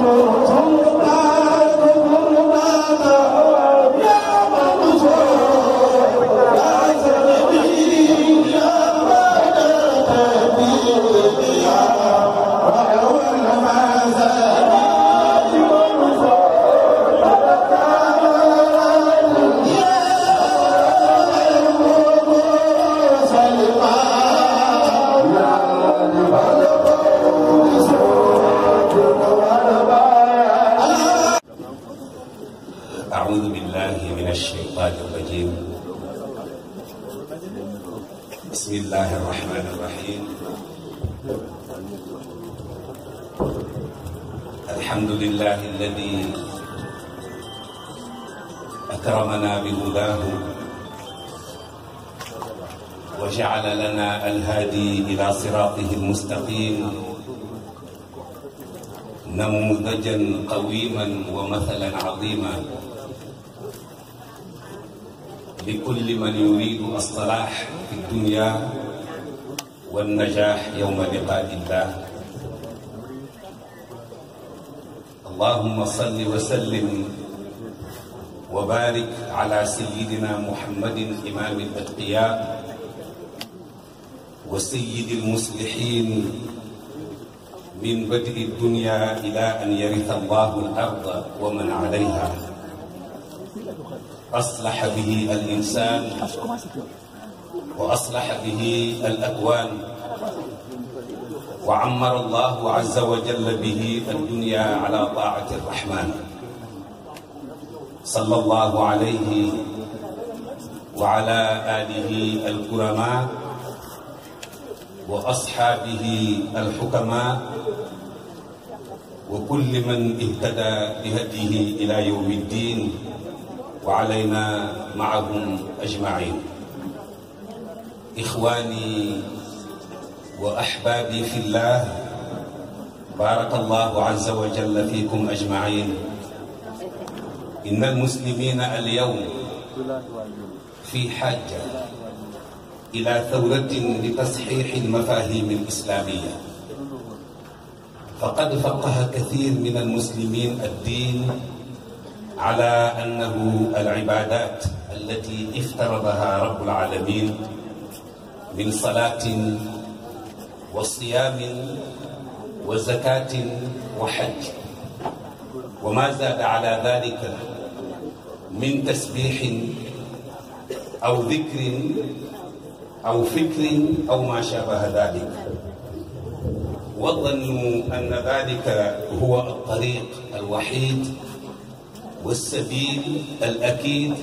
Sou, sou, والنجاح يوم لقاء الله اللهم صل وسلم وبارك على سيدنا محمد إمام الأتقياء وسيد المصلحين من بدء الدنيا إلى أن يرث الله الأرض ومن عليها أصلح به الإنسان وأصلح به الأكوان وعمر الله عز وجل به الدنيا على طاعة الرحمن صلى الله عليه وعلى آله الكرماء وأصحابه الحكماء وكل من اهتدى بهديه إلى يوم الدين وعلينا معهم أجمعين إخواني وأحبابي في الله بارك الله عز وجل فيكم أجمعين إن المسلمين اليوم في حاجة إلى ثورة لتصحيح المفاهيم الإسلامية فقد فقه كثير من المسلمين الدين على أنه العبادات التي افترضها رب العالمين من صلاة وصيام وزكاة وحج وما زاد على ذلك من تسبيح أو ذكر أو فكر أو ما شابه ذلك وظنوا أن ذلك هو الطريق الوحيد والسبيل الأكيد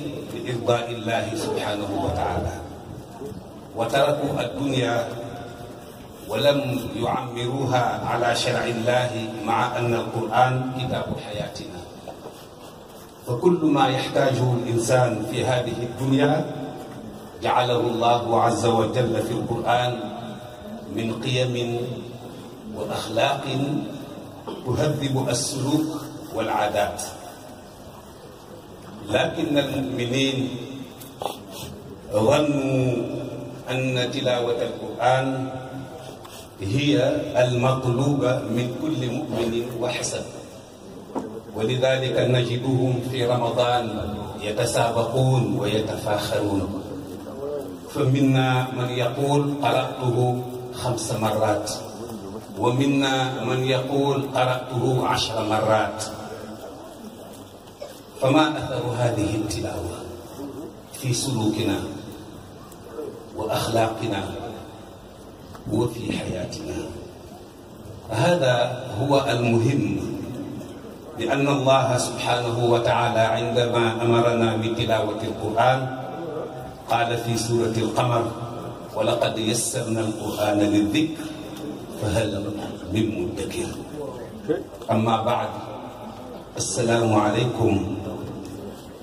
لإرضاء الله سبحانه وتعالى وتركوا الدنيا ولم يعمروها على شرع الله مع أن القرآن كتاب حياتنا فكل ما يحتاجه الإنسان في هذه الدنيا جعله الله عز وجل في القرآن من قيم وأخلاق تهذب السلوك والعادات لكن المؤمنين ظنوا أن تلاوة القرآن هي المطلوبة من كل مؤمن وحسب ولذلك نجدهم في رمضان يتسابقون ويتفاخرون فمنا من يقول قرأته خمس مرات ومنا من يقول قرأته عشر مرات فما أثر هذه التلاوة في سلوكنا وأخلاقنا وفي حياتنا هذا هو المهم لأن الله سبحانه وتعالى عندما أمرنا بتلاوة القرآن قال في سورة القمر ولقد يسرنا القرآن للذكر فهل من مدكر أما بعد السلام عليكم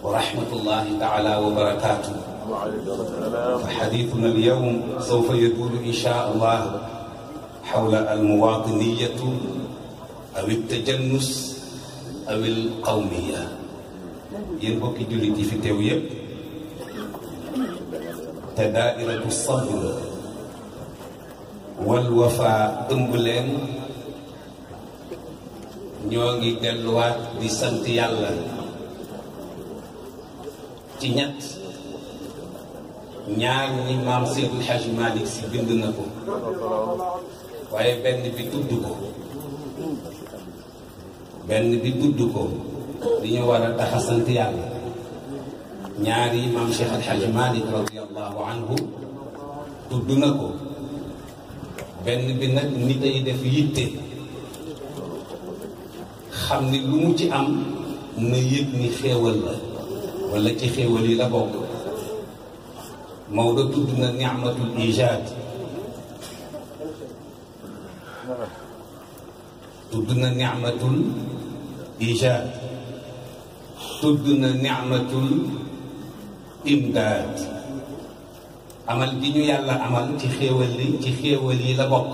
ورحمة الله تعالى وبركاته فحديثنا اليوم سوف يدور إن شاء الله حول المواطنية أو التجنس أو القومية ينبغي جلدي في تويب تدائرة الصبر والوفاء أمبلين نيوغي دلوات دي سنتيالا تنيت ñaar maam Seydou El Hadj si bind na ko waaye benn bi tudd ko benn bi tudd ko li ñu war a tax yàlla ñaar maam Cheikh El Hadj Malick tudd na ko benn bi nag nit ay def yitte xam ni lu mu ci am na yëg ni xéewal la wala ci xéewal yi la bokk مولودنا نعمة الإيجاد تدنا نعمة الإيجاد تدنا نعمة الإمداد عمل بينو يلا عمل تخيولي تخيولي لبق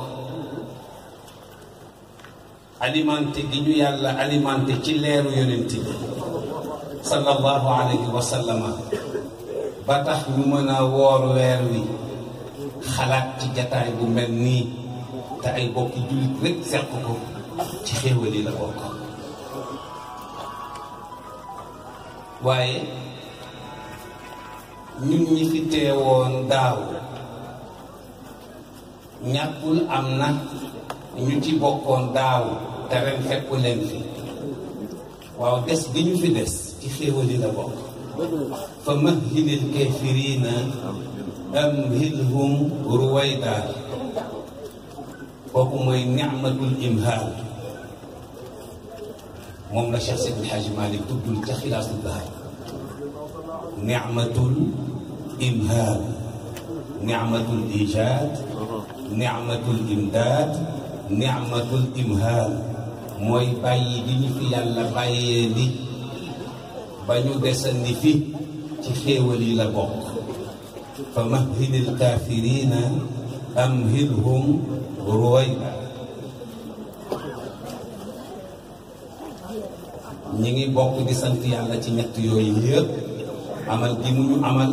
alimenter di ñu yàlla alimenter ci leeru yonent bi sallallahu alayhi wa sallam ba tax ñu mën a woor weer wi xalaat ci jataay bu mel nii te ay bokki jullit rek seq ko ci xéewal yi la bokk waaye ñun ñi fi teewoon daaw ñàkkul am na ñu ci bokkoon daaw te ren fekku leen fi waaw des bi ñu fi des ci xéewal la bokk فمهل الكافرين أمهلهم رويدا وهم نعمة الإمهال ومن شخص بن الحاج مالك تبدو التخيل أصدقائي نعمة الإمهال نعمة الإيجاد نعمة الإمداد نعمة الإمهال موي باي ديني في الله باي ديني بانيو ديسني فيه تخيولي لبوك فمهل الكافرين أمهلهم رويدا نيجي بوك دي سانتي يالا تي نيت يوي ييب عمل دي مو عمل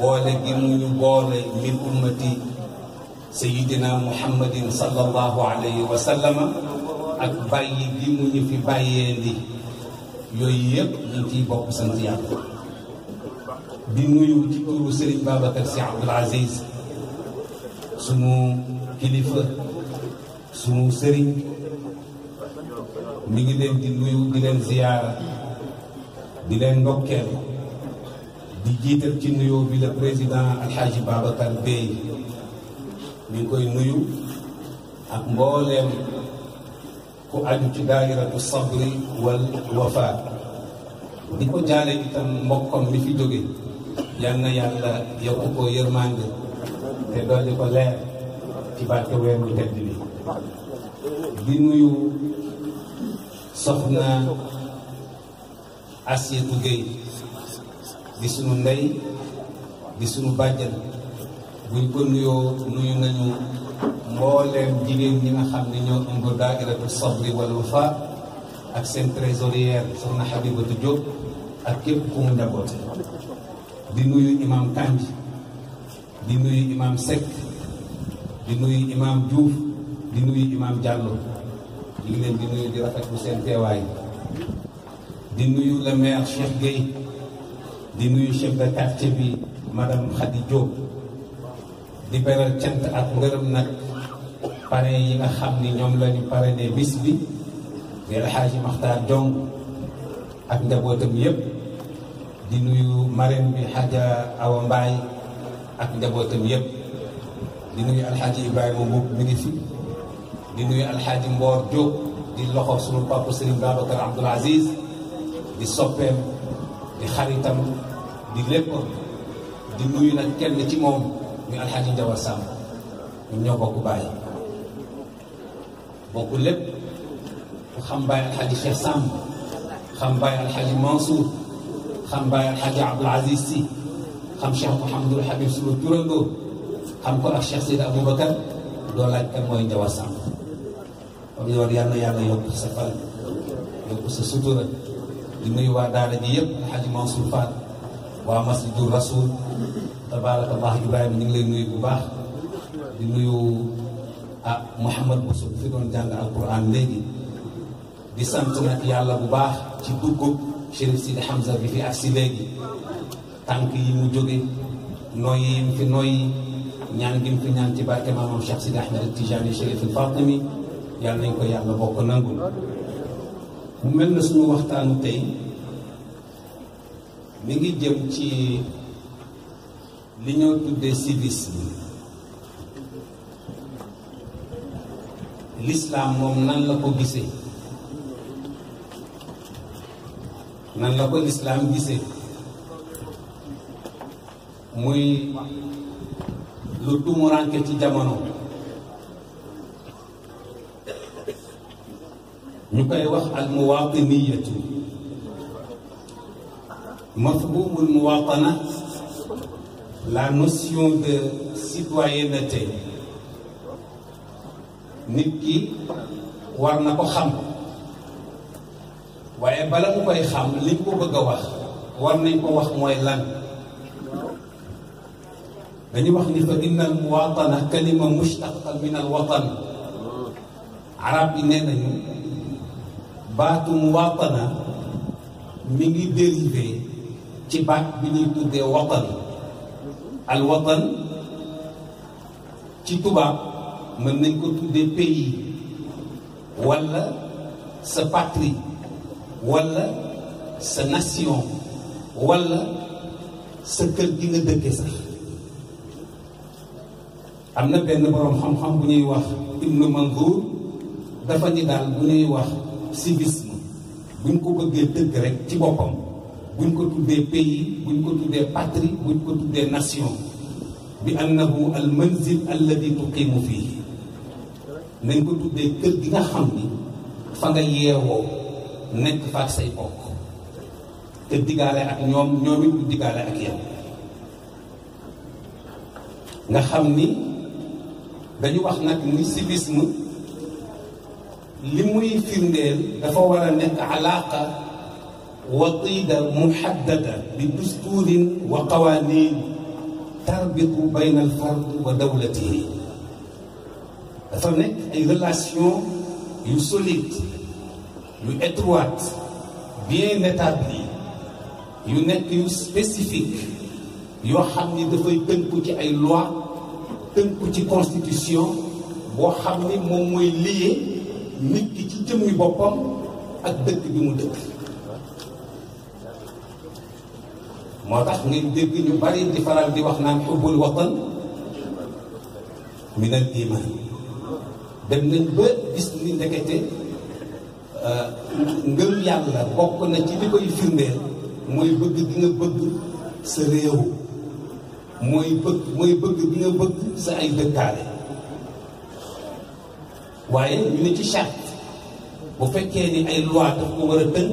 بوله دي مو ني بوله من امتي سيدنا محمد صلى الله عليه وسلم اك باي دي مو ني في بايي دي يوي ييب نتي بوك سانتي يالا di nuyu ci turu Serigne Babacar Sy Abdoul Aziz sunu kilifa sunu Serigne mi leen di nuyu di leen ziyaara di leen ndokkeel di jiital ci nuyoo bi le président Alhaji Babacar Bèye mi ngi koy nuyu ak mbooleem ku aju ci daayiratu sabri wal wafa di ko jaale itam mbokkam mi fi jóge yal na yàlla yokku ko yërmande te dolli ko leer ci barke weer bu tedd bi di nuyu soxna Asietu Géy di sunu ndey di sunu bàjjan buñ ko nuyu nañu mbooleem jigéen ñi nga xam ne ñoo ëmb daayiratu sabri wal wafa ak seen trésorière soxna Habibatu Diop ak képp ku mu njaboot di nuyu imam Kandji di nuyu imam Seck di nuyu imam Diouf di nuyu imam Diallo ñu ngi leen di nuyu di rafetlu seen teewaay di nuyu le maire Cheikh Gueye di nuyu chef de quartier bi madame Khady Diop di beral cant ak ngërëm nag parrain yi nga xam ni ñoom lañu pare parrainé bis bi di El Hadji Makhtar ak njabootam yépp di nuyu marraine bi Hadja Awa Mbaay ak njabootam yëpp di nuyu alxaaji Ibrahima Mbuub mi ngi fi di nuyu alxaaji Mboor Diop di loxo sunu papa Serigne Babacar Abdoul Aziz di soppeem di xaritam di lépp di nuyu nag kenn ci moom ñu alxaaji Njawar Samb ñun ñoo bokk bàyyi bokk lépp ku xam alxaaji Cheikh Samb xam alxaaji Mansour xam Baye Alhaji Abdoul Aziz Sy xam Cheikh Mouhamadul Habib suma turandoo xam ko ak Cheikh Seydi Aboubacar doo laaj kan mooy Njawa Samb kon yow yal na yàlla yokk sa fan yokk sa sutura di nuyu waa daara ji yëpp Alhaji Mansour waa Masjidu Rasul tabaraka Allah Ibrahima lay nuyu bu baax di nuyu ah Mouhamad Bousso fi doon jàng alquran léegi di sant nag yàlla bu baax ci dugg. Chérif Sidi Hamza bi fi agsi léegi tànk yi mu jóge nooy mu fi nooy ñaan gi mu fi ñaan ci barke maamam Cheikh Sidi Ahmed Tijani Chérif al Fatimi yàlla nañ ko yàlla bokk na mu mel na suñu waxtaanu tey mi ngi jëm ci li ñoo tuddee civisme l'islam moom nan la ko gisee nan la ko lislaam gisee muy lu tumuranke ci jamono ñu koy wax al muwaatiniyatu mafhumul muwaatana la notion de citoyenneté nit ki war na ko xam waaye bala mu koy xam li ko bëgg a wax war nañ ko wax mooy lan dañu wax ni fa inna muwatana kalima mushtaqa min al watan arab bi nee nañu baatu muwatana mi ngi dérivé ci baat bi ñuy tuddee watan al watan ci tubaab mën nañ ko tuddee pays wala sa patrie wala sa nation wala sa kër gi nga dëkke sax am na benn boroom xam-xam bu ñuy wax Ibnu Mandur dafa ni daal bu ñuy wax civisme buñ ko bëggee dëgg rek ci boppam buñ ko tuddee pays buñ ko tuddee patrie buñ ko tuddee nation bi annahu al manzil alladi tuqimu fii nañ ko tuddee kër gi nga xam ni fa nga yeewoo nekk faak say bokk te digaale ak ñoom ñoom it ñu digaale ak yow nga xam ni dañu wax nag ni civisme li muy firndeel dafa war a nekk alaaqa وطيدة محددة بدستور وقوانين تربط بين الفرد ودولته. dafa nekk ay relation yu solide yu étroite bien établi yu nekk yu spécifique yoo xam ni dafay tënku ci ay loi tënku ci constitution boo xam ni moom mooy lié nit ki ci jëmmi boppam ak dëkk bi mu dëkk moo tax ngeen dégg ñu bari di faral di wax naan xubbul watan minal iman dem nañ ba gis ni ndekete Euh, ngëm yàlla bokk na ci li koy firndeel mooy bëgg gi bëgg sa réew mooy bëgg mooy bëgg gi bëgg sa ay dëkkaale waaye ñu ne ci charte bu fekkee ni ay loi daf ko war a tënk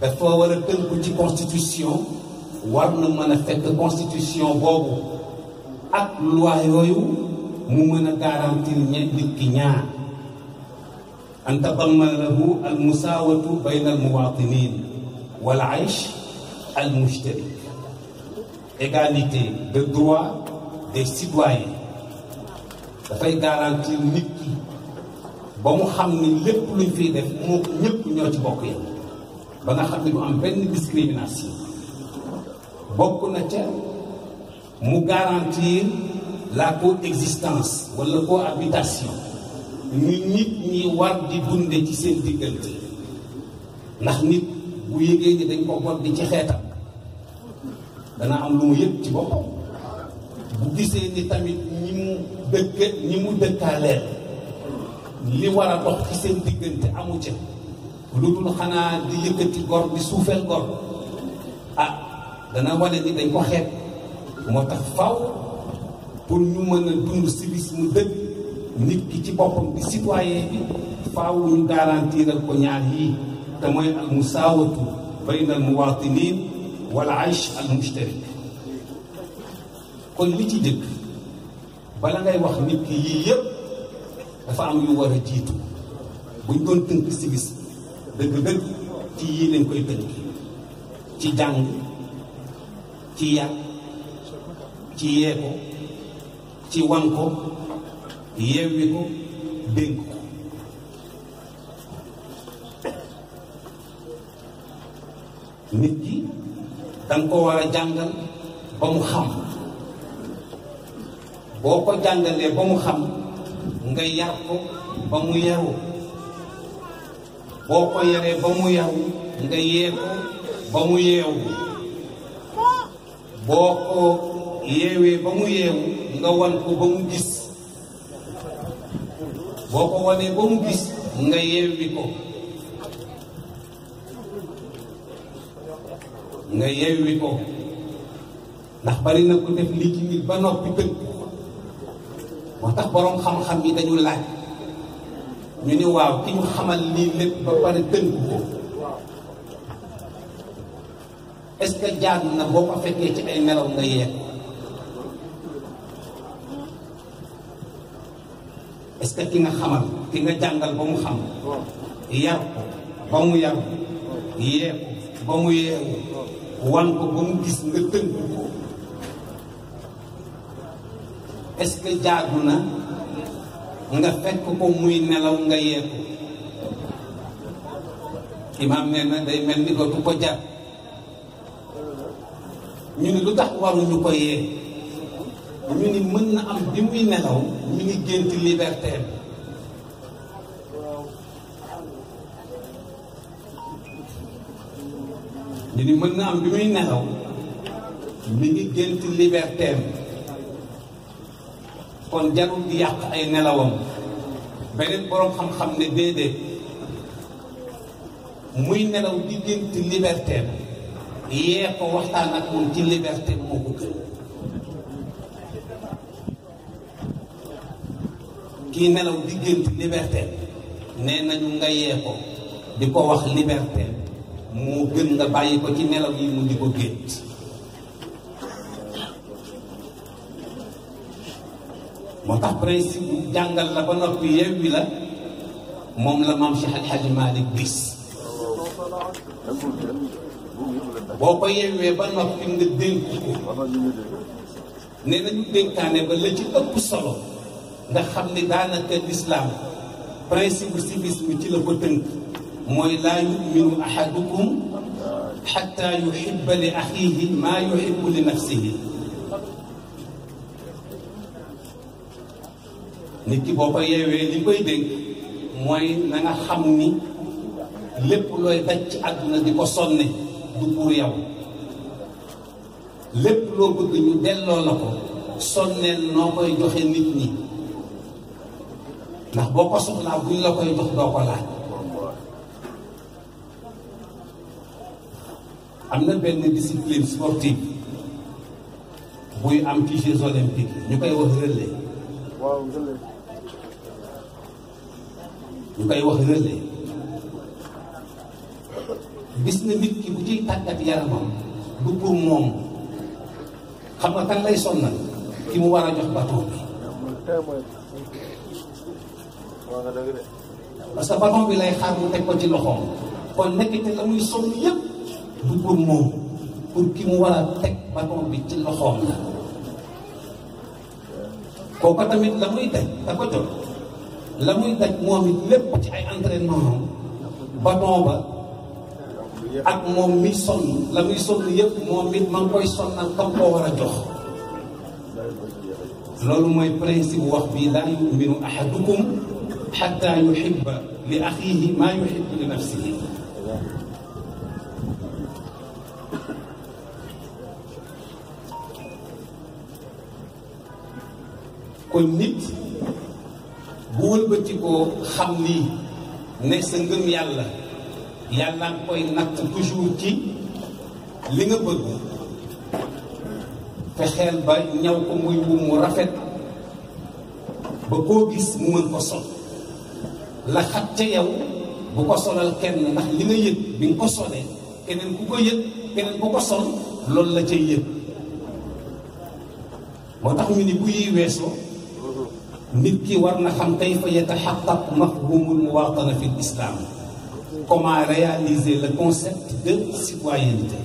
dafa war a tënku ci constitution war na mën a fekk constitution boobu ak loi yooyu mu mën a garantir ñe nit ñaar أن تتضمن له المساواة بين المواطنين والعيش المشترك égalité de droits des citoyens dafay garantir nit ki ba mu xam ni lépp luñ fiy def moo ñëpp ñoo ci bokk yam ba nga xam ne du am benn discrimination bokk na ca mu garantir la coexistence wala cohabitation ni nit ñi war di dunde ci seen diggante ndax nit bu yëgee ni dañ ko bodd ci xeetam dana am lu mu yëg ci boppam bu gisee ni tamit ñi mu dëkk ñi mu dëkkaaleel li war a dox ci seen diggante amu ca lu dul xanaa di yëkkati gor di suufeel gor ah dana wane ni dañ ko xeet moo tax faw pour ñu mën a dund civisme dëgg nit ki ci boppam bi citoyen bi faaw ñu garantiral ko ñaar yii te mu al musaawatu bayna al muwatinin wal aysh al mushtarik kon li ci jëkk bala ngay wax nit ki yii yëpp dafa am yu war a jiitu buñ doon tënk si gis dëgg ci yii lañ koy tënk ci jàng ci yar ci yee ci wan yewwi ko dénk ko nit ki danga ko war a jàngal ba mu xam boo ko jàngalee ba mu xam nga yar ko ba mu yaru boo ko yaree ba mu yaru nga yee ko ba mu yeewu boo ko yeewee ba mu yeewu nga wan ko ba mu gis boo ko wanee ba mu gis nga yewwi ko nga yewwi ko ndax bari na ko def lii ci nit ba noppi dëgg moo tax boroom xam-xam yi dañu laaj ñu ni waaw ki ñu xamal lii lépp ba pare tënk ko est-ce que jaar na boo ko fekkee ci ay melaw nga yeeku est-ce que ki nga xamal ki nga jàngal ba mu xam yar ba mu yar yee ko ba mu yeewu wan ko ba mu gis nga tënk ko est-ce que jaagu na nga fekk ko muy nelaw nga yee ko imaam nee na day mel ni dootu ko jar ñu ne lu tax waruñu ko yee ñu ni mën na am bi muy nelaw ñu ni mën na am bi muy ngi gént liberté am kon jarul di yàq ay nelawam beneen boroom xam-xam ne déedéet muy nelaw di gént liberté am yee ko waxtaan ak moom ci liberté moo ko gën kii nelaw diggante liberté nee nañu nga yee ko di ko wax liberté moo gën nga bàyyi ko ci nelaw yi mu di ko gént moo tax principe bu jàngal la ba noppi yewwi la moom la maam Cheikh El Hadj Malick gis boo ko yewwee ba noppi nga dénk ko nañu dénkaane ba la ci ëpp solo nga xam ni daanaka lislaam principe civisme ci la ko tënk mooy laa yuminu ahadukum xatta yuhibba li axiihi maa yuhibbu li nafsihi nit ki boo ko yeewee li koy dénk mooy na xam ni lépp looy daj àdduna di ko sonne du pour yow lépp loo bëgg ñu delloo la ko sonneel noo koy joxe nit ñi ndax boo ko soxlaa buñ la koy jox doo ko laaj am na benn discipline sportive buy am ci Jeux olympiques ñu koy wax relais ñu koy wax relais gis na nit ki bu ciy tàggat yaramam du pour moom xam nga kan lay sonnal ki mu war a jox bateau bi parce que ballon bi lay xaar mu teg ko ci loxoom kon nekk la muy sonn yëpp du pour moom pour ki mu war a teg ballon bi ci loxoom la kooku tamit la muy daj da ko jot la muy daj moom it lépp ci ay entraînement am ballon ba ak moom mi sonn la muy sonn yëpp moom it ma koy sonnal kam koo war a jox loolu mooy principe wax bi laa yuminu ahadukum حتى يحب لأخيه ما يحب لنفسه كنت نيت بول بتيكو خامني ني سنغم يالا يالا كوي نات توجور تي ليغا بوغ فخيل با نياو كو موي بو مو رافيت با مو مان كو la xat ca yow bu ko solal kenn ndax li nga yëg bi nga ko solee keneen ku ko yëg keneen ku ko sol loolu la cay yëg moo tax ñu ni bu yiy weesoo nit ki war na xam kayfa yataxaqaq mafhumul muwaatana fi islam comment réaliser le concept de citoyenneté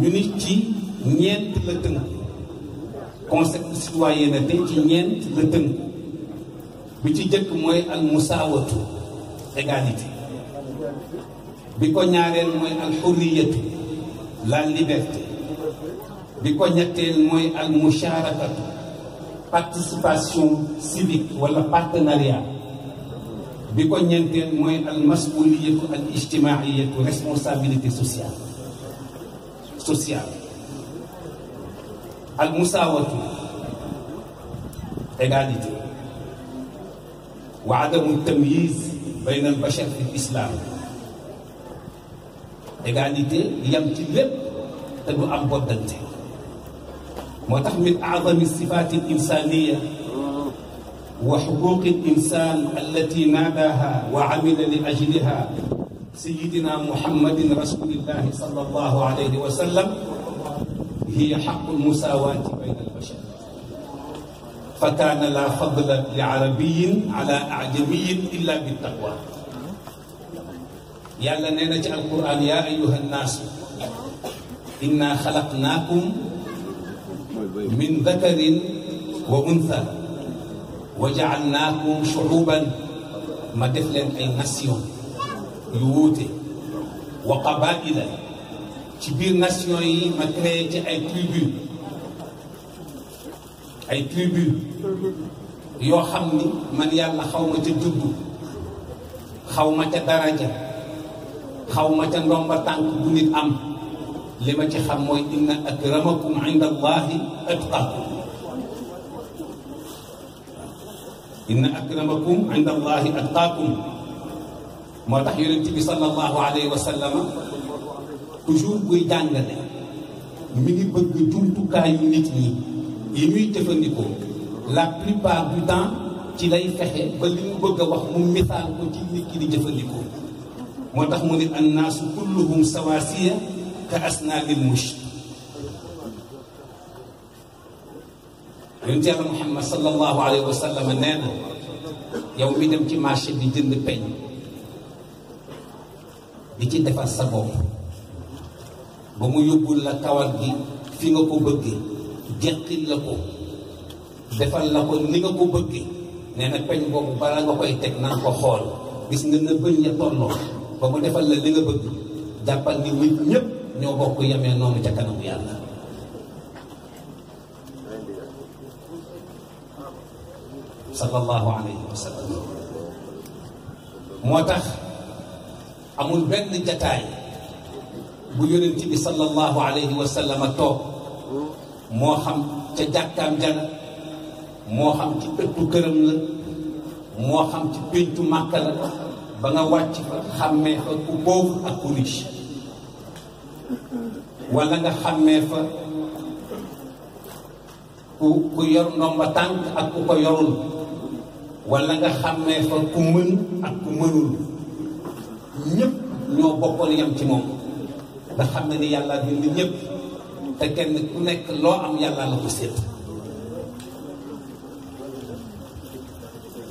ñu nit ci ñeent la tënk concept de citoyenneté ci ñeent la tënk bi ci jëkk mooy al musaawatu égalité bi ko ñaareel mooy al xurriyatu la liberté bi ko ñetteel mooy al musharakatu participation civique wala partenariat bi ko ñeenteel mooy al masuliyatu al ijtimaiyatu responsabilité sociale sociale al musaawatu égalité وعدم التمييز بين البشر في الاسلام ايغاليتي يمتي لب تدو ام بودنتي موتاخ من اعظم الصفات الانسانيه وحقوق الانسان التي ناداها وعمل لاجلها سيدنا محمد رسول الله صلى الله عليه وسلم هي حق المساواه بين البشر فكان لا فضل لعربي على أعجمي إلا بالتقوى يا لنا القرآن يا أيها الناس إنا خلقناكم من ذكر وأنثى وجعلناكم شعوبا ما دفلن أي نسيون يوتي وقبائل كبير نسيون ما كريتي أي تريبيون ay tribune yoo xam ni man yàlla xaw ma ca juddu xaw ma ca daraja xaw ma ndomba tànk bu nit am li ci xam mooy inna akramakum inda allah atqakum inna akramakum inda allah atqakum moo tax yonent bi sallallahu alayhi wa sallam toujours buy jàngale mi ngi bëgg jumtukaayu nit yi muy jëfandikoo la plupart du temps ci lay fexe ba li mu bëgg a wax mu misaal ko ci nit ki di jëfandikoo moo tax mu ne annaasu kulluhum sawaasiya ka asnaanil mush yonent yàlla Muhammad sallallahu alayhi wa sallam nee na yow mi dem ci marché bi jënd peñ di ci defar sa bopp ba mu yóbbul la kawar gi fi nga ko bëggee jënqil la ko defal la ko ni nga ko bëggee nee na peñ boobu balaa nga koy teg na ko xool gis nga na bëñ ya tolloo ba mu defal la li nga bëgg jàppal ni nit ñëpp ñoo bokk yemee noonu ca kanamu yàlla sallallahu alayhi wa sallam moo tax amul benn jataay bu yonent bi sallallahu alayhi wa sallam toog moo xam ca jàkkam jala moo xam ci ëttu këram la moo xam ci péncu màkka la ba nga wàcc fa xàmmee fa ku ak ku nga xàmmee fa ku yor ndomba tànk ak ku ko yorul wala nga xàmmee fa ku mën ak ku mënul ñëpp ñoo bokkoon yam ci moom nga xam ne ni yàlla bind ñëpp te kenn ku nekk loo am yàlla la ko sédd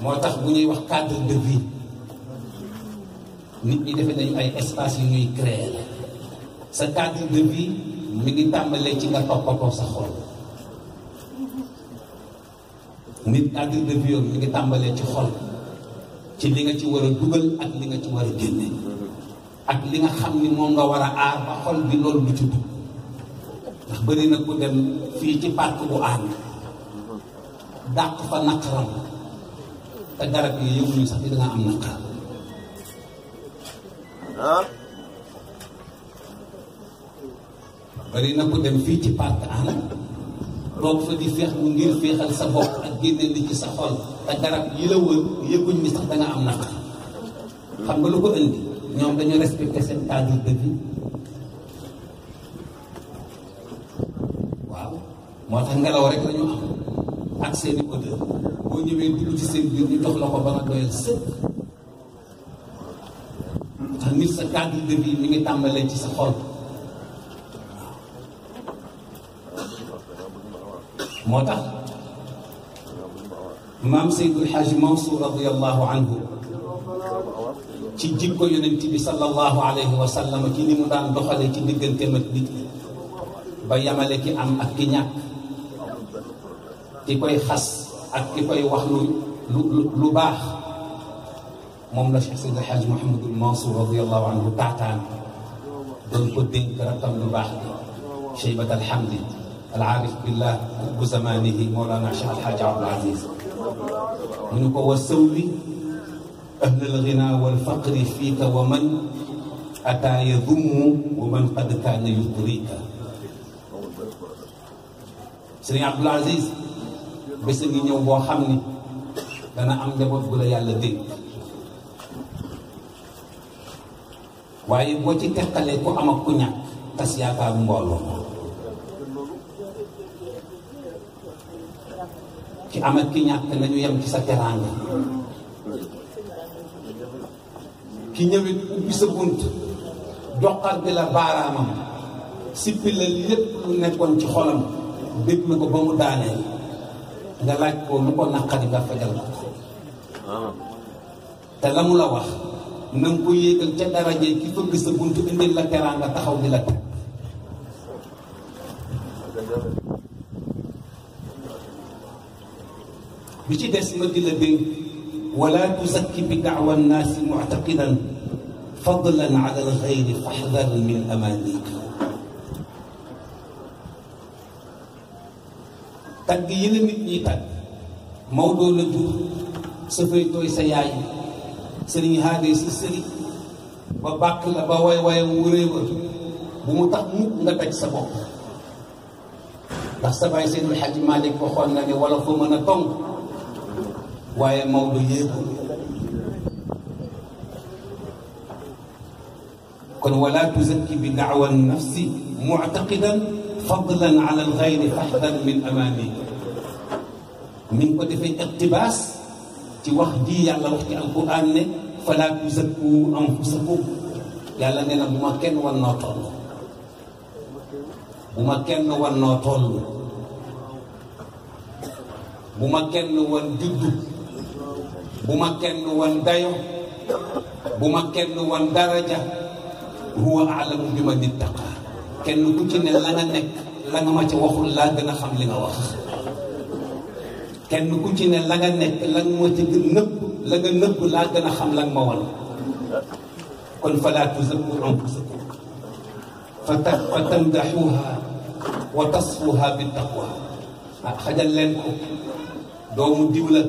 moo tax bu ñuy wax cadre de vie nit ñi defe nañu ay espace yu ñuy créer la sa cadre de vie mi ngi tàmbalee ci nga toppatoo sa xol nit cadre de vie mi ngi tàmbalee ci xol ci li nga ci war a ak li nga ci war a ak li nga xam ni nga war aar ba xol bi loolu lu ci dugg ndax bëri na ku dem fii ci parc bu ànd dàq fa naqaram te garab yi yënguñu sax di da am naqar ah? bëri na ku dem fii ci parc ànd toog fa di feex mu ngir feexal sa bopp ak génne li ci sa xol te garab yi la wër yëguñ ni sax da am naqar xam nga lu ko indi ñoom dañu respecté seen cadre de vie moo tax ngelaw rek la ñu am ak seen i odeur boo ñëwee dugg ci seen biir ñu dox la ko ba nga doyal sëkk tax nit sa cadre de vie mi ngi tàmbalee ci sa xol moo tax maam seydul xaaji mansour anhu ci jikko yonent bi sallallahu alayhi wa sallam ci ni mu daan doxale ci digganteem ak nit ba yamale ki am ak ki ñàkk di koy xas ak di koy wax lu lu lu baax moom la Cheikh Seydi El Hadj Mouhamadul Mansour radiallahu anhu taataan doon ko dénk rakkam lu baax bi Cheybat Alhamdi alaarif billah bu zamanihi Mawlana Cheikh El Hadj Abdoul Aziz mu ñu ko wa sawwi أهل الغنى والفقر فيك ومن أتى يذم ومن قد كان يطريك سيدي عبد العزيز bés ngi ñëw boo xam ni dana am njaboot bu la yàlla dégg waaye boo ci teqalee ku am ak ku ñàkk tas yaakaaru mbooloo ci am ak ki ñàkk nañu yem ci sa teraanga ki ñëwit ubbi sa bunt doxal bi la baaraamam sippi la lépp lu nekkoon ci xolam dégg na ko ba mu daaneel nga laaj ko lu ko naqari nga fajal ko te la mu la wax na nga ko yéegal ca daraje ki fëgg sa bunt indil la teraanga taxaw di la teg bi ci des ma di la dénk wala tuzakki bi daawa annaasi muctaqidan fadlan ala alxayri faxdar min amaanik tagg yi la nit ñiy tagg Maodo la sa fay tooy sa yaay sëriñ haadee sa sëriñ ba bàkk la ba way way wuree wa bu mu tax mukk nga daj sa bopp ndax sa baay Seydul Xaji Malik waxoon na wala ko mën a tong waaye Maodo yéegul kon wala tuzakki bi daawa nafsi muctaqidan fadlan ala alxayri fahdan min amami mi ngi ko defee iqtibaas ci wax ji yàlla wax ci alquran ne fala tuzakku anfusakum yàlla nee na bu ma kenn wan noo toll bu ma kenn wan noo toll bu ma kenn wan juddu bu ma kenn wan dayo bu ma kenn wan daraja huwa alamu bi man ittaqa kenn ku ci ne la nga nekk la nga ma ca waxul laa gën a xam li nga wax kenn ku ci ne la nga nekk la nga ma ca gën nëpp la nga nëpp laa gën a xam la nga ma wal kon falaa tuzakku anfusakum fa tamdaxuha wa tasfuha bi taqwa ah xajal leen ko doomu diw la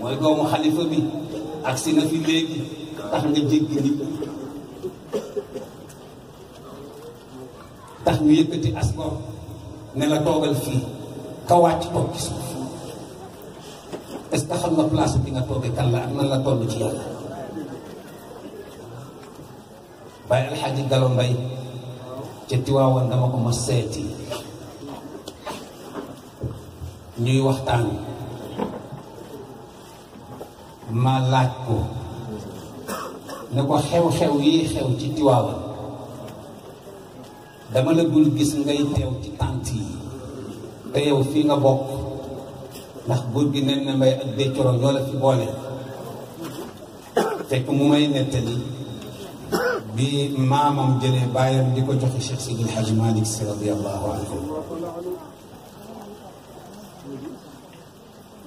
mooy doomu xalifa bi ak si na fi léegi tax nga jéggi nit tax ñu yëkkati asgor ne la toogal fii ka wàcc toog ci suuf est-ce que xam bi nga toogee kan la ak nan la toll ci yàlla bàyyi alxaaji Galo Mbay ca Tiwaawan dama ko ma seeti ñuy waxtaan ma laaj ko ne ko xew-xew yi xew ci Tiwaawan dama la gul gis ngay teew ci tànt yi te yow fii nga bokk ndax buur gi nen na mbay ak fi boole fekk mu may nettali bi maamam jëlee bàyyam di ko joxe Cheikh Sidil Hadj Malick Sy radiallahu anhu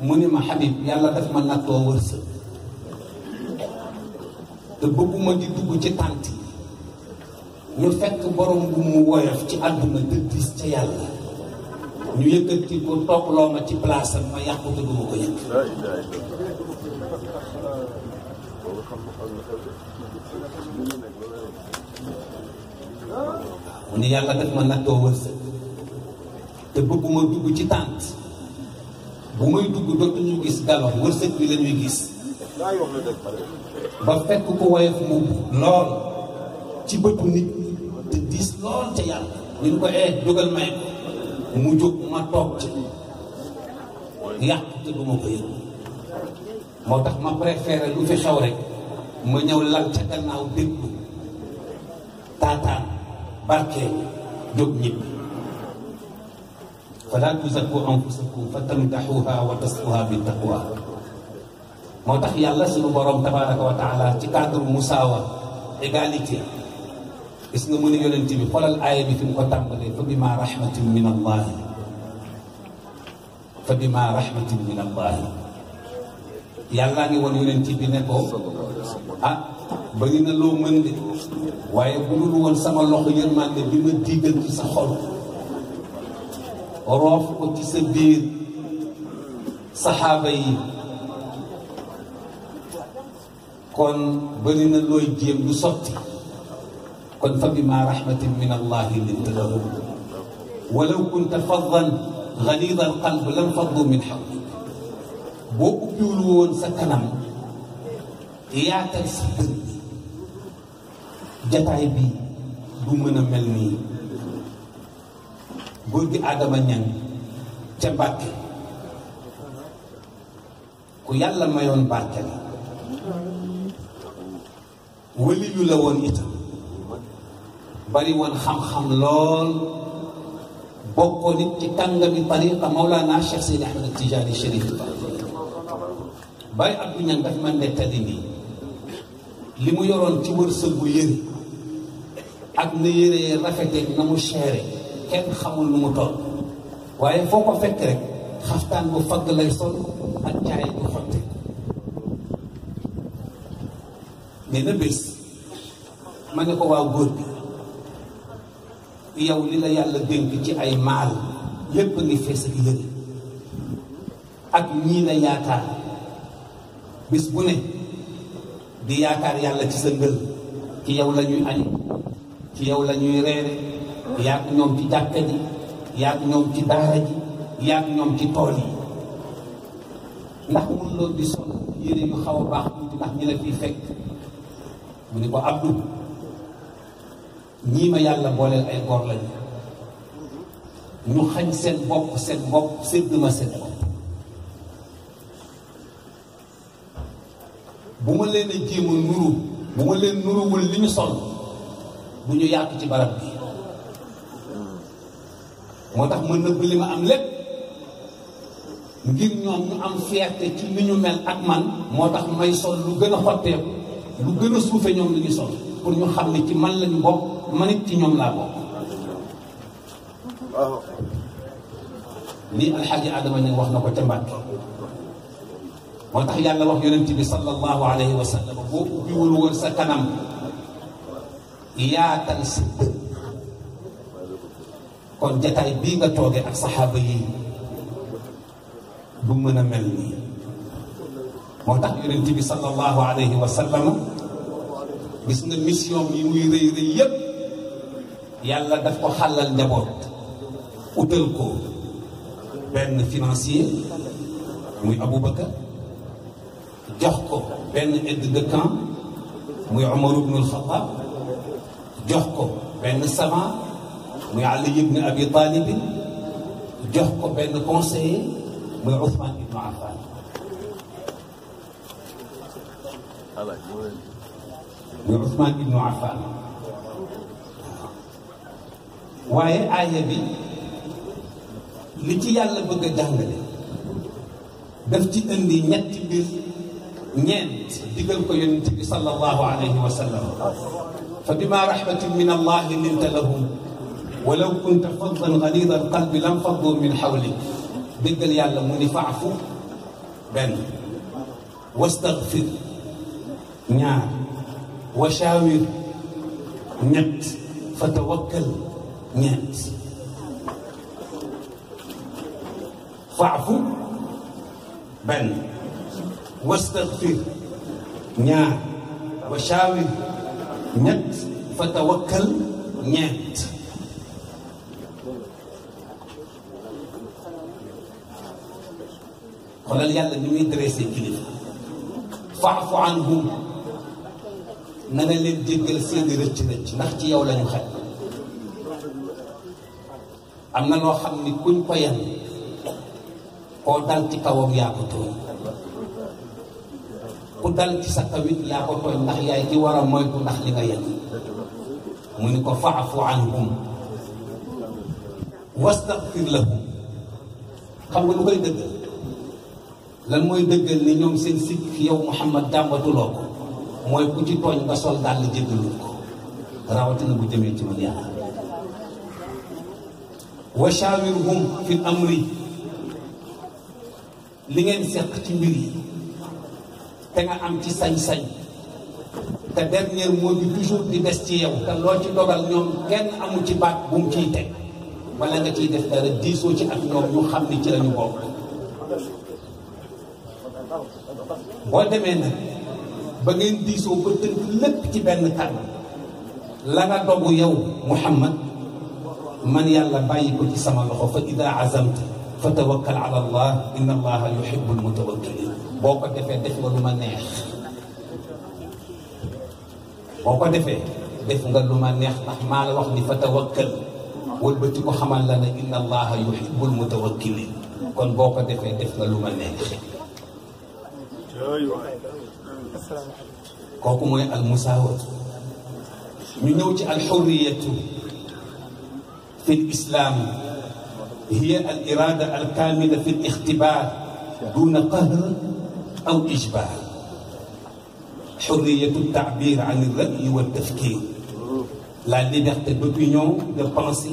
mu ni ma Habib yàlla daf ma nattoo wërsëg te bëgguma di dugg ci tànt ñu fekk borom bu mu woyof ci àdduna dëddis ca yàlla ñu yëkkati ko toog loo ma ci place ma yàqu te duma ko yëg mu ne yàlla def ma nattoo wërsëg te bëgguma dugg ci tànt bu may dugg dootuñu gis galox wërsëg bi la ñuy gis ba fekk ko woyof mu lool ci bëtu nit diis lool ca yàlla ñu ko ee dugal may ko mu jóg ma toog ci yàq te du ma ko yëg moo tax ma préféré lu fi xew eh. rek ma ñëw lal ca gannaaw déglu taataan barkee jóg ñibbi fala tuzakku anfusakum fatamdahuha wa tasfuha bi taqwa moo tax yàlla ya borom wa taala ci cadre musaawa égalité gis nga mu ne yonent bi xoolal aaya bi fi mu ko tàmbalee fa bima rahmatin min allahi fa bima rahmatin min allahi yàllaa ngi woon yonent bi ne ko ah bari na loo mën de waaye bu dul woon sama loxo yërmande bi ma diigal ci sa xol roof ko ci sa biir saxaaba yi kon bari na looy jéem du sotti قل فبما رحمة من الله لنت لهم ولو كنت فظا غليظ القلب لانفضوا من حولك بؤكلون سكنم يا تنسفن جتاي بي بمنا ملني بود آدم نيان تباك كو يالا مايون باركلي ولي يلوون إتم bari wan xam-xam lol bokko nit ci bi tariqa maulana Cheikh Seydi Ahmed tijani Chérif bay Abdou Niang daf man nettali tadini limu yoron ci ci bu yeen ak ne yere rafete na mu kenn xamul nu mu toll waaye fekk rek xaftan bu fagg lay sol ak jaay bu xotte ne na bés ma ko waaw góor bi yow li la yàlla dénk ci ay maal lépp ngi fees ak ñii la yaakaar bis bu ne di yaakaar yàlla ci sa ngël ci yow la ñuy ci yow la ñuy reere yaag ñoom ci jàkka ji yaag ñoom ci daara ji yaag ñoom ci tool yi ndax mënuloo di sol yére yu xaw a baax tuuti ndax ñi la fiy fekk mu ne ko Abdou ñii ma yàlla booleel ay góor lañu ñu xañ seen bopp seen bopp sédd ma seen bopp bu ma leen a jéem a nuru bu ma leen nuruwul li ñu sol bu ñu yàq ci barab bi moo tax ma nëbb li ma am lépp ngir ñoom ñu am fierté ci lu ñu mel ak man moo tax may sol lu gën a xotteeku lu gën a suufe ñoom li ñu sol pour ñu xam ne ci man lañu bokk bokk man it ci ñoom laa bokk lii alxaaji Adama ñu wax na ko ca Mbàkke moo tax yàlla wax yonent bi sallallahu alayhi wa sallam boo ubbiwul woon sa kanam yaatal sa bët kon jataay bii nga toogee ak saxaaba yi du mën a mel nii moo tax yonent bi sallallahu alayhi wa sallam gis nga mission yi muy rëy rëy yépp يلا دفع حلال النبوت وتلقوا بين فرنسيين مي أبو بكر جحكو بين الدكان مي عمر بن الخطاب جحكو بين السماء مي علي بن أبي طالب جحكو بين الكونسي مي عثمان بن عفان مي عثمان بن عفان waye aya bi li ci yalla bëgg jangale daf ci indi ñett bir ñent digal ko فبما رحمة من الله لنت لهم ولو كنت فظا غليظ القلب لانفضوا من حولك بدل يعلمون فاعفو بن واستغفر نعم وشاور نت فتوكل مات نعم. فاعفو بن واستغفر نيا نعم. وشاور نت نعم. فتوكل نيت قال لي يلا نمي دريسي كليفا فاعفو عنهم نانا لين ديجل سيدي رتش رتش نختي يا ولا نخل am na loo xam ni kuñ ko yan koo dal ci kawam yaa ko tooñ ku dal ci sa kawit yaa ko tooñ ndax yaay ci war a moytu ndax li nga yan mu ni ko faafu anhum wastaghfir lahum xam nga lu koy dëggal lan mooy dëggal ni ñoom seen sikk yow Muhammad jàmbatuloo ko mooy ku ci tooñ nga sol dàll jéggalul ko rawatina bu jëmee ci man yàlla wa shawirhum fil amri li ngeen seq ci mbir yi te nga am ci sañ-sañ te dernier mot bi toujours di des ci yow te loo ci dogal ñoom kenn amu ci baat bu mu ciy teg wala nga ciy def dara diisoo ci ak ñoom ñu xam ni ci lañu bokk boo demee nag ba ngeen diisoo ba tënk lépp ci benn kàddu la nga dogu yow Muhammad man yàlla bàyyi ko ci sama loxo fa ida azamta fa tawakkal ala allah inna allaha yuhibbul mutawakkilin boo ko defee def nga lu ma neex boo ko defee def nga lu ma neex ndax maa la wax ni fa tawakkal wëlbati ko xamal la ne inna allaha yuhibbul mutawakkilin kon boo ko defee def nga lu ma neex kooku mooy al musaawatu ñu ñëw ci al xurriyatu في الإسلام la liberté d'opinion, de pensée,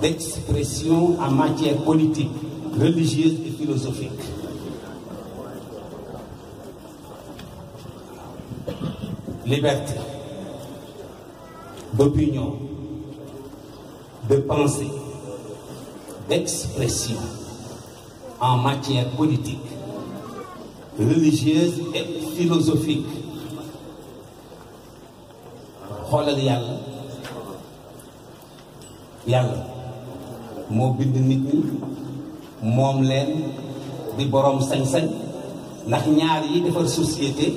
d'expression en matière politique, religieuse et philosophique. Liberté d'opinion, de pensée, d'expression en matière politique, religieuse et philosophique. xoolal Yalla. Yalla. moo bind nit ñi moom leen di de sañ société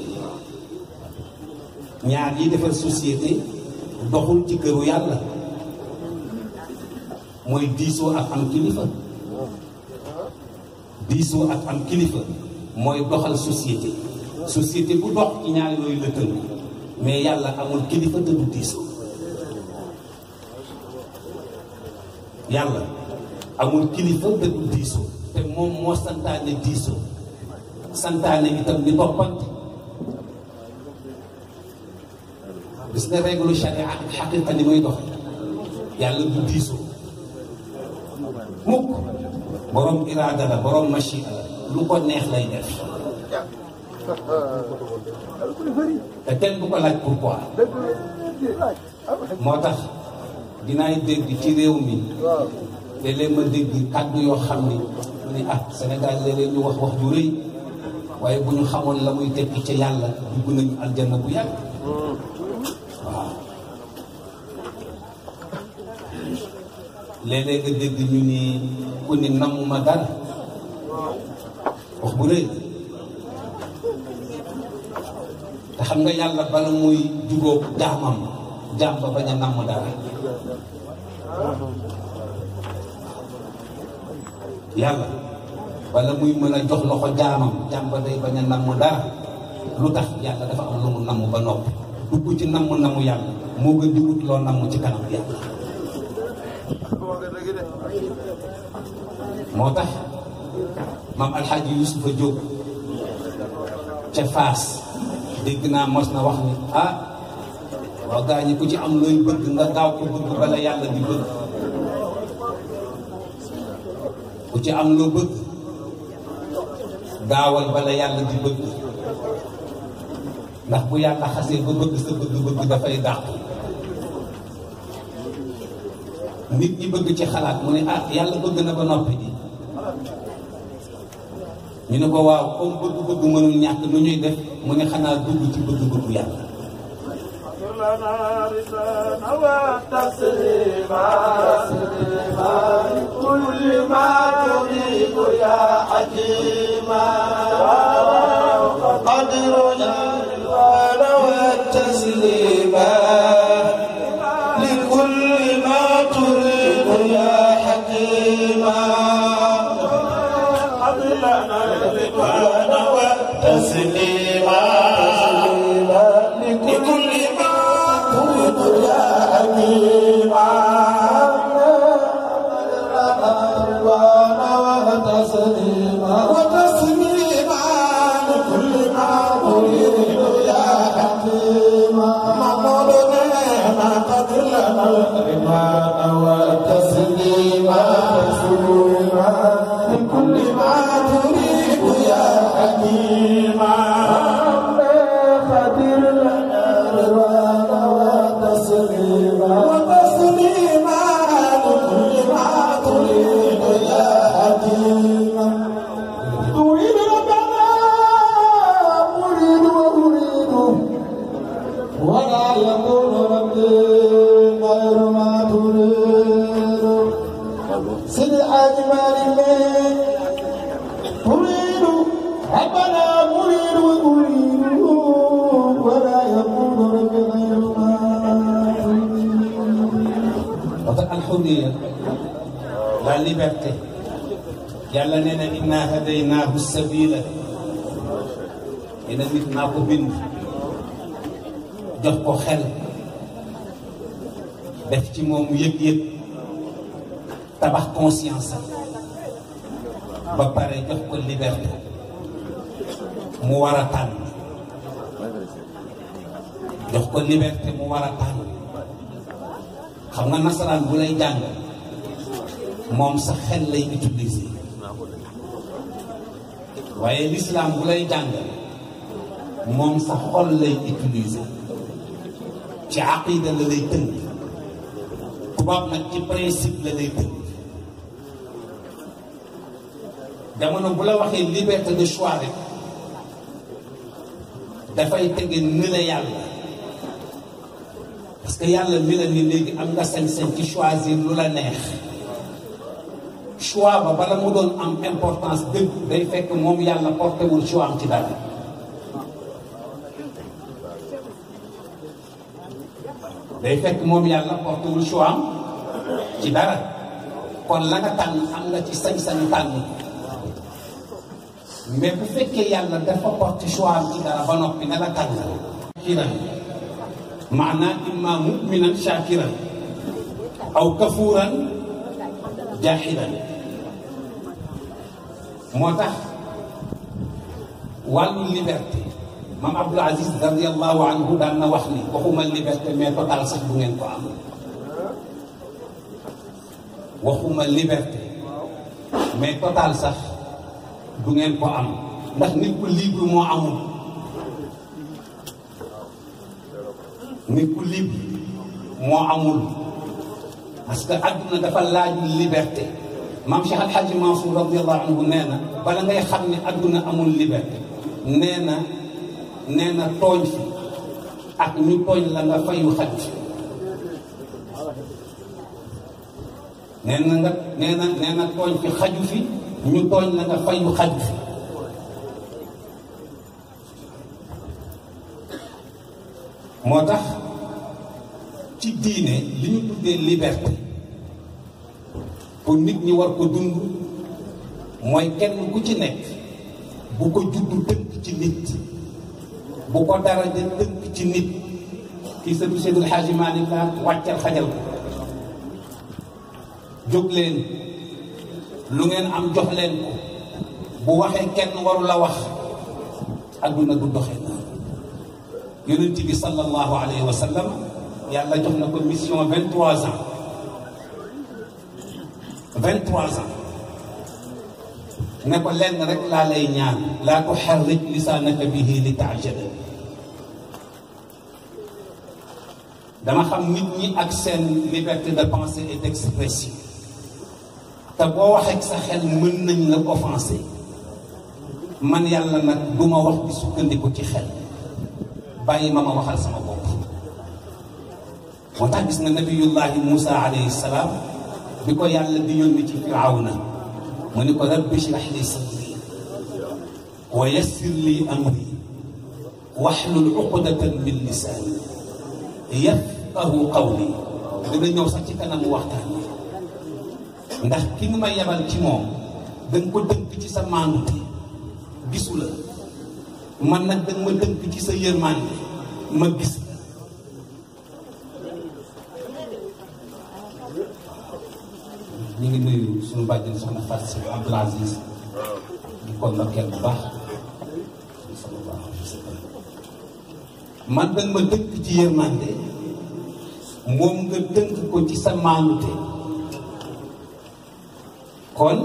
ñaar yi defar société doxul ci mooy diisoo ak am kilifa diisoo ak am kilifa mooy doxal société société bu dox ci ñaar yooyu la mais yàlla amul kilifa te du diisoo yàlla amul kilifa te diisoo te moom moo santaane diisoo santaane itam ni toppante gis nga réglu charia ak xaqiqa ni muy dox yàlla du diisoo mukk borom iraada la borom machia la lu ko neex lay def te kenn du ko laaj pourquoi moo tax dinaay dégg ci réew mi léeg-léeg ma dégg kàddu yoo xam ni mu ne ah Sénégal léeg-léeg ñu wax wax ju waaye bu ñu xamoon la muy tekki ca yàlla dugg nañu aljanna bu yàgg léeg-léeg nga dégg ñu ni ku ni nammuma dara wax oh, bu rëy te xam nga yàlla bala muy jugóob jaamam jaam ba bañ a namm dara yàlla wala muy mën a jox loxo jaamam jaam ba day bañ a namm dara lu tax yàlla dafa am lu mu namm ba noppi dugg ci namm namu yàlla moo gën di wut loo namm ci kanam yàlla moo tax maam alxaaji yusufa jóg ca faas dégg naa mos na wax ni ah waaw gaa ñi ku ci am looy bëgg nga gaaw ko bëgg bala yàlla di bëgg ku ci am loo bëgg gaawal bala yàlla di bëgg ndax bu yàlla xasee ba bëgg sa bëgg-bëgg dafay dàq nit ñi bëgg ci xalaat mu ne ah yàlla bëgg na ba noppi ji ñu ne ko waaw comme bëgg-bëgg mënul ñàkk nu ñuy def mu ne xanaa dugg ci bëgg-bëgg yàlla قد رجعت حاتمان الملك تريد ربنا مريد وأريد ولا يقول رب غير ما وتقع الحرية لا ليبرتي yàlla nee na inna hadaynaahu sabila yéena nit naa ko bind jox ko xel def ci moomu yëg-yëg tabax conscience am ba pare jox ko liberté mu war a tànn jox ko liberté mu war a tànn xam nga nasaraan bu lay jàng moom sa xel lay utiliser waaye lislaam bu lay jàng moom sa xol lay utiliser ci aqida la lay tënk tubaab nag ci principe la lay tënk dama ne bu la waxee liberté de choix rek dafay tege ni la yàlla parce que yàlla mi la ni léegi am nga sañ-sañ ci choisir lu la neex choix ba bala mu doon am importance dëgg day fekk moom yàlla porté wul choix am ci dara day fekk moom yàlla porté wul choix am ci dara kon la nga tànn am nga ci sañ-sañu tànn. mais bu fekkee yàlla dafa porte choix am ci dara ba noppi dala tànn kiran maanaa imma muminan shakiran aw kafuuran jaaxilan moo tax wàllu liberté maam Abdul Aziz radiallahu anhu daan na wax ni waxuma liberté mais total sax bu ngeen ko am waxuma liberté mais total sax du ngeen ko am ndax nit ku libre moo amul nit ku libre moo amul parce que àdduna dafa laajul liberté maam Cheikh Alhaji Mansour radiallahu anhu nee na bala ngay xam ne àdduna amul liberté nee na nee na tooñ fi ak ñu tooñ la nga fayu xaj nee na nga nee na nee na tooñ fi xaju fi ñu tooñ la nga fayu xaj moo tax ci diine li ñu tuddee liberté pour nit ñi war ko dund mooy kenn ku ci nekk bu ko juddu tënk ci nit bu ko dara ja tënk ci nit kii sa du Seydil Haaji wàccal xajal ko jóg lu ngeen am jox leen ko bu waxee kenn waru la wax adduna du doxee noonu yonent bi sallallahu alayhi wa sallam yàlla jox na ko mission vingt trois ans vingt trois ans ne ko lenn rek laa lay ñaan laa ko xarrij lisaanaka bihi li taajala dama xam nit ñi ak seen liberté de pensée et d'expression تبوحك سخل من نن لكو فانسي من يالا نك دوما واخ دي سكن دي كو تي خل باي ماما واخال سما بوب وتا بسم النبي الله موسى عليه السلام بيكو يالا دي يوني تي فرعون مني كو رب اشرح لي صدري ويسر لي امري واحلل عقدة من لساني يفقه قولي دي نيو ساتي كانام واختاني ndax ki nga may yebal ci moom dang ko dënk ci sa maanute gisu la man nag dang ma dënk ci sa yërmande ma gis ñu ngi nuyu suñu bàjjen soxna di ko ndokkeel bu baax man dang ma dënk ci yërmande moom nga ko ci sa kon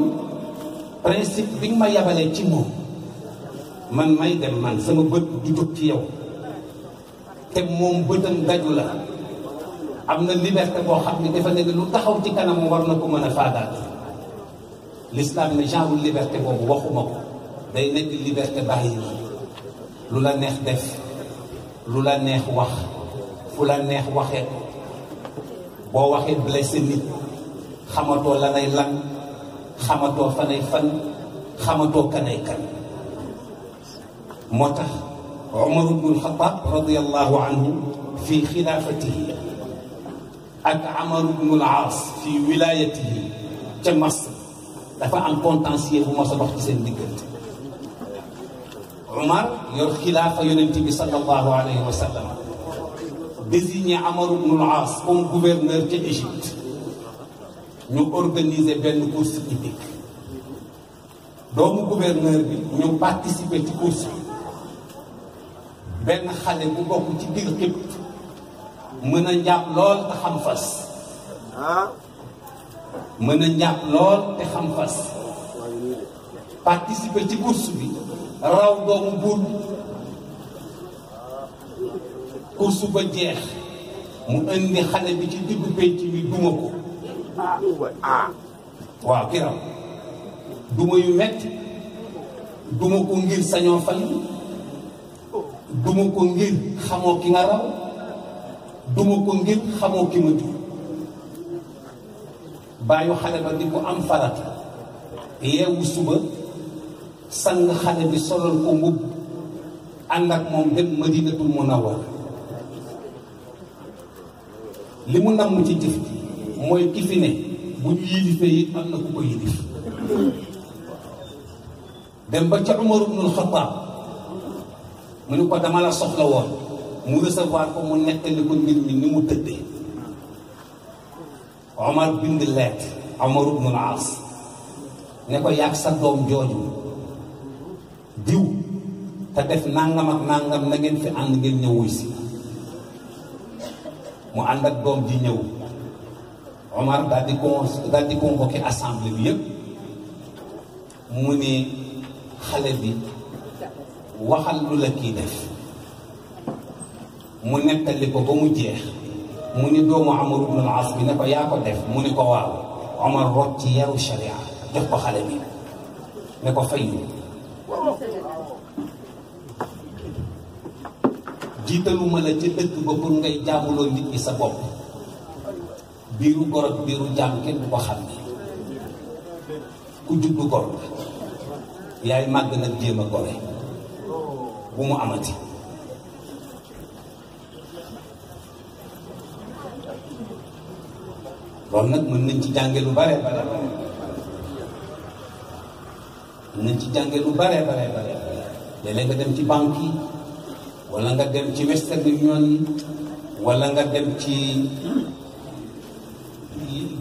principe bi nga ma yabalee ci moom man may dem man sama bët du jóg ci yow te moom bëtam daju la am na liberté boo xam ne dafa ne lu taxaw ci kanam war na ko mën a faagaat l'islam ne genre liberté boobu waxuma ko day nekk liberté bàyyi na lu la neex def lu la neex wax fu la neex waxee boo waxee blessé nit xamatoo la lay lan xamatoo fanay fan xamatoo kanay kan moo tax umar ibnu alxataab radiallahu anhu fi xilaafatihi ak amar ibnu alaas fi wilayatihi ca Masr dafa am contentieux bu mos a dox ci seen diggante Umar yor xilaafa yonent bi sallallahu alayhi wa sallam désigné Amar ibnu al As comme gouverneur ca Égypte ñu organiser benn course hippique doomu gouverneur bi ñu participer ci course bi benn xale bu bokk ci biir xib mën a njàpp lool te xam fas mën a njàpp lool te xam fas ci course bi raw doomu buur course ba jeex mu indi xale bi ci diggu penc bi duma ko ah waaw kiram duma yu metti duma ko ngir sañoo fay duma ko ngir xamoo ki nga raw duma ko ngir xamoo ki ma jur bàyyu xale ba di ko am farata yeewu suba sang xale bi solal ko mbubb ànd ak moom dem madinatul munawwar li mu namm ci jëf ji mooy ki ne bu ñu yilifee it am na ku ko yilif dem ba ca Umar ibnul Xattaab mu ne ko dama la soxla woon mu recevoir ko mu nettali ko mbir mi ni mu tëddee Omar bind leet Omar ibnul Aas ne ko yàgg sa doom jooju diw te def nangam ak nangam na ngeen fi ànd ngeen ñëw wuy si mu ànd ak doom ji ñëw Omar dal di con daal di convoquer assemblée bi yëpp mu ne xale bi waxal lu la ki def mu netali ko ba mu jeex mu ni doomu Amar ibn al-As bi ne ko ya ko def mu ni ko waaw Omar rot ci yaru sharia def ko xale bi ne ko fay jitaluma la ci dëkk ba pour ngay jaamuloo nit ñi sa bopp biiru góor ak biiru jaam kenn du ko xam ne ku juddu góor yaay màgg nag jéem a gore bu mu amati loolu nag mën nañ ci jànge lu bare bare ci jànge lu bare bare bare nga dem ci banque yi wala nga dem ci western union yi nga dem ci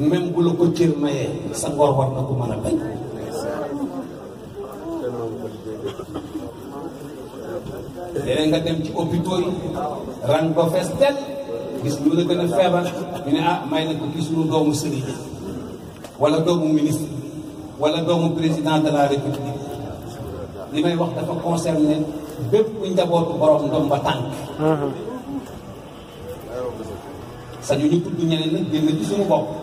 même bu la ko cër mayee sa ngor war na ko mën a bañ léeg nga dem ci hôpitaux yi rang ba gis ñu la gën a feebar ñu ne ah may na ko gis doomu sëriñ wala doomu ministre wala doomu président de la li may wax dafa concerné bépp njabootu borom ndoom ba tànk sañu ñu tudd ñeneen génn ci suñu bopp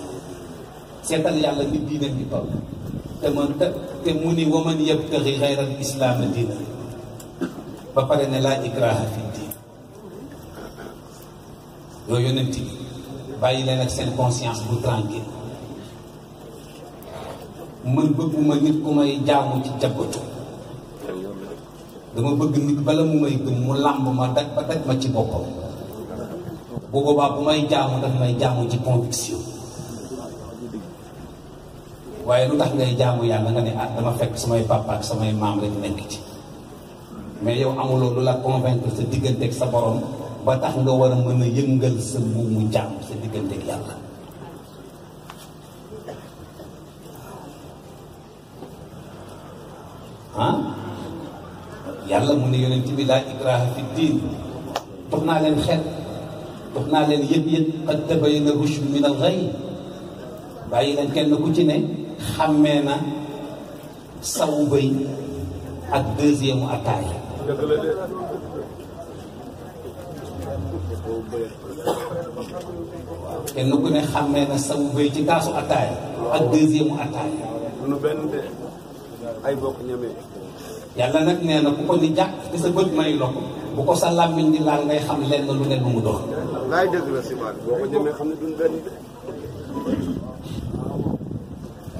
seetal yàlla nit diine di toll te man te mu ni waman yabtaxi xayral islaama diina ba pare ne laa ikraha diin yoo yonent bi bàyyi leen ak seen conscience bu tranquille man bëgguma nit ku may jaamu ci jabbatu dama bëgg nit bala mu may gëm mu làmb ma daj ba daj ma ci boppam bu boobaa bu may jaamu daf may jaamu ci conviction waaye lu tax ngay jaamu yàlla nga ne ah dama fekk samay papa samay maam rek nekk ci mais yow amuloo lu la convaincre sa digganteeg sa borom ba tax nga war a mën a yëngal sa buumu jaam sa digganteeg yàlla ah yàlla mu ne ci bi laa ikraha fi diin naa leen xel dox naa leen yëpp yëpp qad tabayyana rushd min al-ghayy bàyyi leen kenn ku ci ne xàmmee na sawu bëy ak deuxième attaay kenn ku ne xàmmee na sawu bëy ci kaasu attaay ak deuxième attaay nu benn de ay bokk ñamee yàlla nag nee ku ko ni jàkk te sa bët may lokk bu ko sa làmmiñ di laal ngay xam lenn lu ne lu mu doon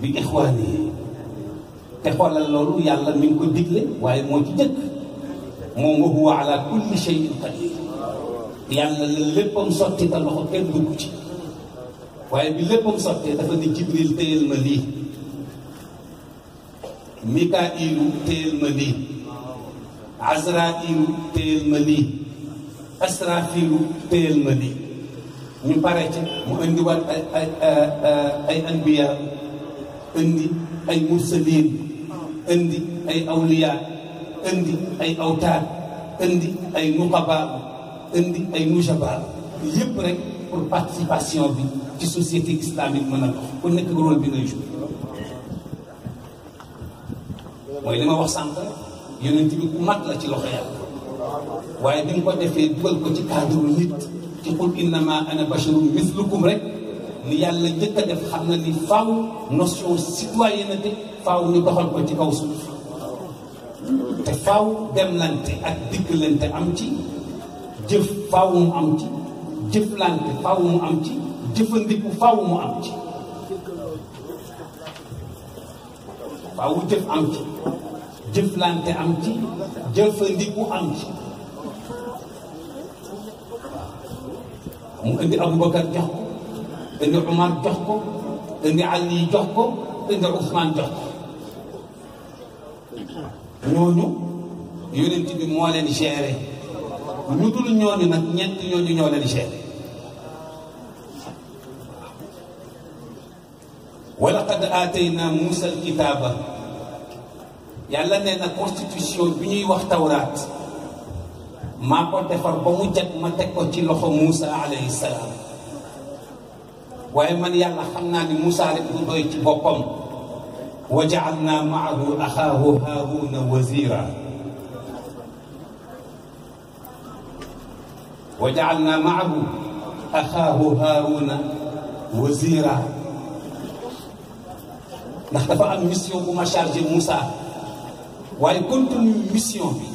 bi ixwaani yi te xoolal loolu yàlla mi ngi ko digle waaye moo ci jëkk moom wa huwa ala kulli shay'in qadir yàlla la léppam sotti te loxo kenn dugg ci waaye bi léppam sottee dafa ni jibril téyel ma lii mikailu téyel ma lii azrailu téyel ma lii asrafilu téyel ma lii ñu pare ci mu indiwaat ay ay ay anbiya indi ay mursalin indi ay awliya indi ay awtaad indi ay nuqaba indi ay nujaba yëpp rek pour participation bi ci société islamique mën a dox ku nekk rôle bi ngay joué mooy li ma wax sànq yonent bi ku mat la ci loxo yàlla waaye bi nga ko defee dugal ko ci cadre nit ci qul innama ana basharun mislukum rek li yàlla njëkk a def xam na ni faaw notion citoyenneté faaw ñu doxal ko ci kaw suuf te faaw demlante ak dikkalante am ci jëf faaw mu am ci jëflante faaw mu am ci jëfandiku faaw mu am ci faaw jëf am ci jëflante am ci jëfandiku am ci mu indi Aboubacar jox ان عمر جهكو ان علي جهكو ان عثمان جهكو نونو يونتي بي مولين شيري نودول نيوني نك نيت نيوني نيولين شيري ولقد اتينا موسى الكتاب يالا نينا كونستيتيوشن بي ني واخ تورات ما كنت فر بامو جات ما تكو تي لوخو موسى عليه السلام waye man yàlla xamna ni musa rek du doy ci bopam waja'alna maahu akhahu harun wazira waja'alna maahu akhahu harun wazira ndax dafa am mission bu ma chargé Moussa waaye continue mission bi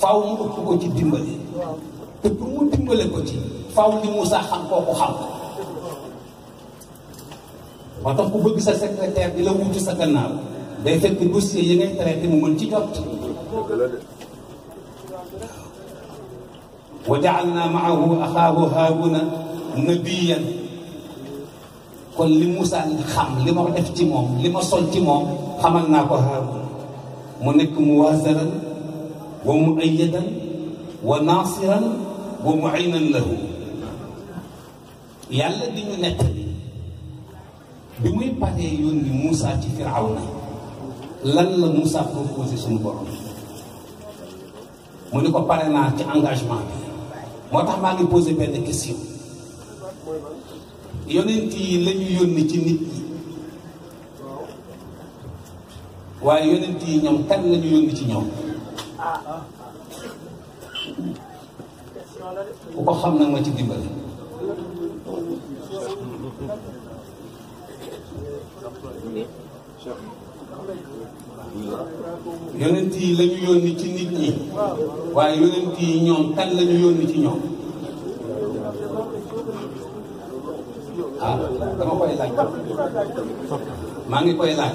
faaw mu ëpp ko ci dimbali te pour mu dimbale ko ci faaw ni musa xam ko ko xam ba tax ku bëgg sa secrétaire di la wuutu sa gannaaw day fekk dossier yi ngay traité mu mën ci jot wa jaalna maahu axaahu haaruna nabiyan kon li Moussa xam li ma def ci moom li ma sol ci moom xamal naa ko haaruna mu nekk muwaasaran wa muayadan wa naasiran wa muinan lahu yàlla di ñu nekk bi muy paree yónni Moussa ci Firawna lan la musa proposé suñu borom mu ni ko pare naa ci engagement bi moo tax maa ngi posé benn question yonent yi la ñu yónni ci nit ñi waaye yonent yi ñoom kan la ñu yónni ci ñoom ku ko xam nag ma ci dimbali yonent yi la ñu yónni ci nit ñi waaye yonent yi ñoom tan la ñu yónni ci ñoom ah dama koy laaj maa ngi koy laaj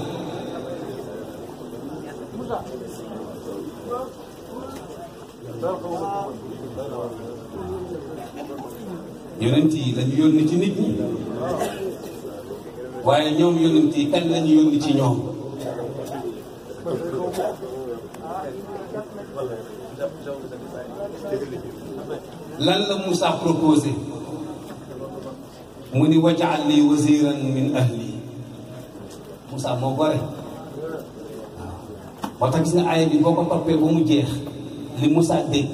yonent yi la ñu yónni ci nit ñi waaye ñoom yonent yi kan lañu yónni ci ñoom lan la Moussa proposé mu ni wajaal li waziran min ahli Moussa moo gore waaw moo tax gis nga aaya boo ko toppee ba mu jeex li Moussa dégg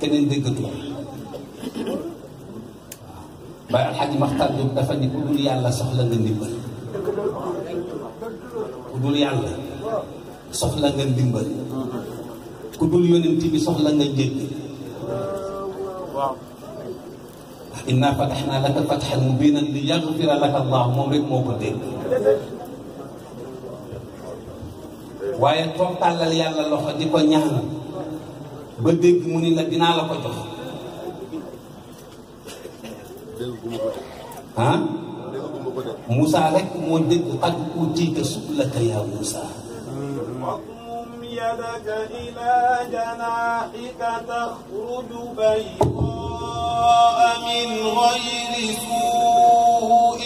keneen déggatu baik Alxaaji Maxtaar Jóob dafa ni ku dul yàlla soxla nga ndimbal ku dul yàlla soxla nga ndimbal ku dul inna fatahnaa laka fathan mubiinan li yaghfira laka Allah moom rek moo ko dégg waaye toog tàllal yàlla loxo di ko la dinaa la ko ها موسى rek moo dégg xad سبلك يا موسى Moussa يدك إلى جناحك تخرج بيضاء من غير سوء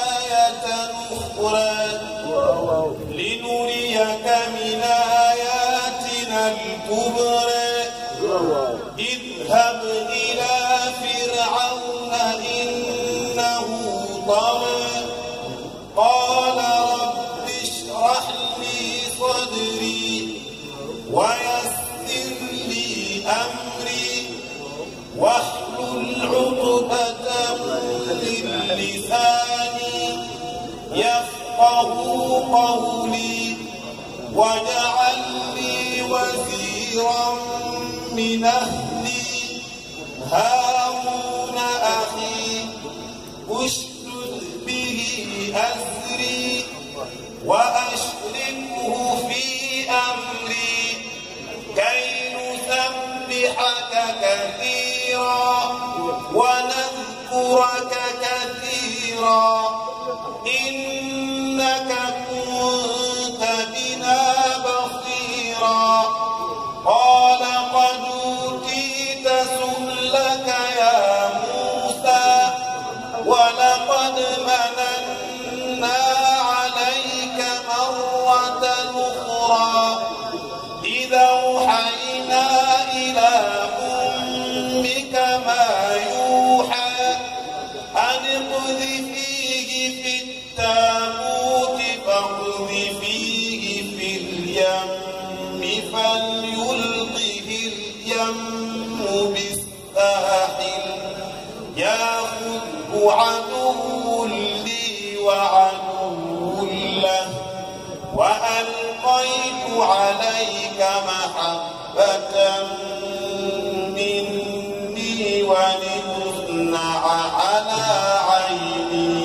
آية أخرى لنريك من آياتنا الكبرى اذهب إلى فرعون قال رب اشرح لي صدري ويسر لي أمري واحلل عقدة من لساني يفقه قولي واجعل لي وزيرا من أهلي هارون أخي اشتغل به أسري وأشركه في أمري كي نسبحك كثيرا ونذكرك كثيرا إنك أخرى إذا أوحينا إلى أمك ما يوحى أن اقذفيه في التابوت فاقذفيه في اليم فليلقه اليم عليك محبة مني ولتصنع على عيني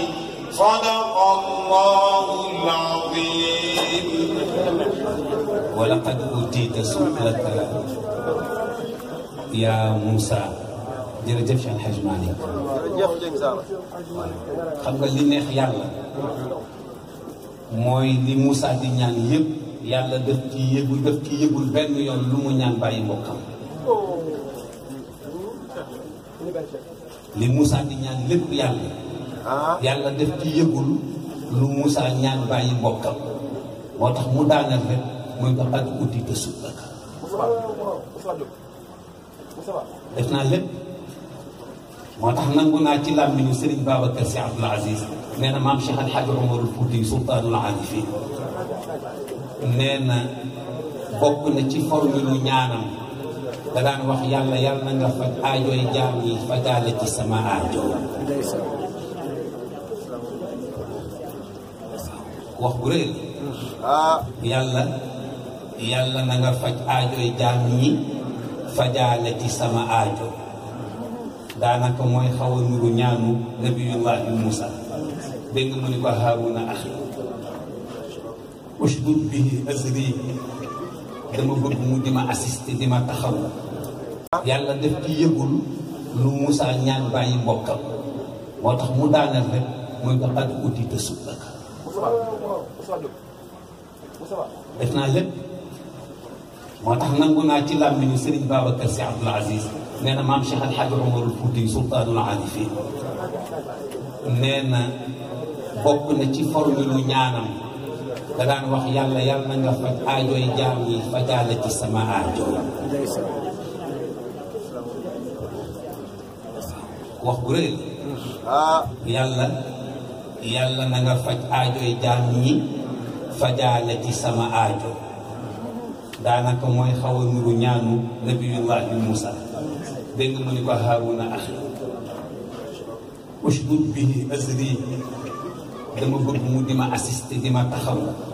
صدق الله العظيم ولقد أوتيت سؤالك يا موسى جرجف شان حجماني جرجف شان حجماني خيال اللي موي دي موسى دي يب yàlla def ci yëgul def yoon lu mu ñaan bàyyi mbokkam li Moussa di ñaan lépp yàlla ah. yàlla def ci yëgul lu Moussa ñaan bàyyi mbokkam moo tax mu daanal rek muy ko ak uddi de subbaka def naa lépp moo tax nangu naa ci làmmiñu Serigne Babacar Sy Abdoul Aziz nee na maam Cheikh Al Hadj Omarul Fouti sultaanul aarifin nee na bokk na ci formulu ñaanam da daan wax yàlla yàlla na nga faj aajooy jaam yi fajaale ci sama aajo wax bu ah. na nga faj aajooy jaam ci sama aajo daanaka mooy xaw a nuru ñaanu nabiyullahi Musa dégg nga mu ni ko Haaruna axi ushdud bihi azri dama bëgg mu di ma assister di def ci yëgul lu Moussa ñaan bàyyi mbokkam moo tax mu daaneel rek muy ko xat uti tax nangu naa ci làmmiñu Serigne Babacar Sy Al Hadj Omarul Fouti sultaanul na bokk na ci formule ñaanam da daan wax yàlla yàlla na nga faj aajooy jaam yi fajaale ci sama aajooy wax bu rëy yàlla yàlla na nga faj aajooy jaam yi fajaale ci sama aajo daanaka mooy xaw a nuru ñaanu nabiyullahi Muusa dégg nga mu ni ko Haaruna axi ushdud bihi azri dama bëgg mu di ma assisté di ma taxaw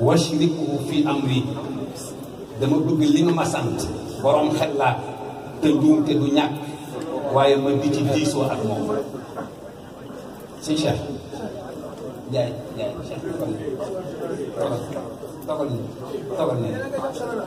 washrikhu fi amri dama dugg li nga ma sant borom xel laa te du ñàkk waaye ma di diisoo ak moom si Cheikh Ndiaye Ndiaye Cheikh toogal ne toogal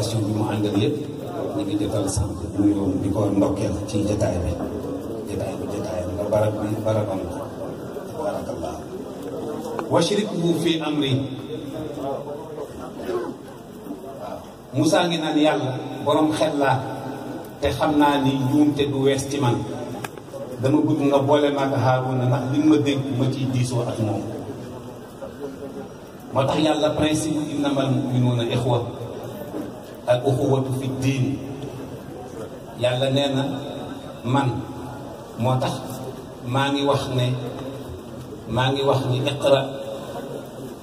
délégation bi mu àndal yëpp ñu ngi defal sant nuyoo di ko ndokkeel ci jataay bi jataay bi jataay la barab bi barabam la tabarakallah washrikhu fi amri Moussa ngi naan yàlla borom xel laa te xam naa ni njuumte du wees ci man dama bëgg nga boole maag Haaruna ndax li ma dégg ma ciy diisoo ak moom moo tax yàlla principe innamal mu'minuuna ixwa الأخوة في الدين يلا نينا من موتاخ ماني واخني ماني واخني اقرا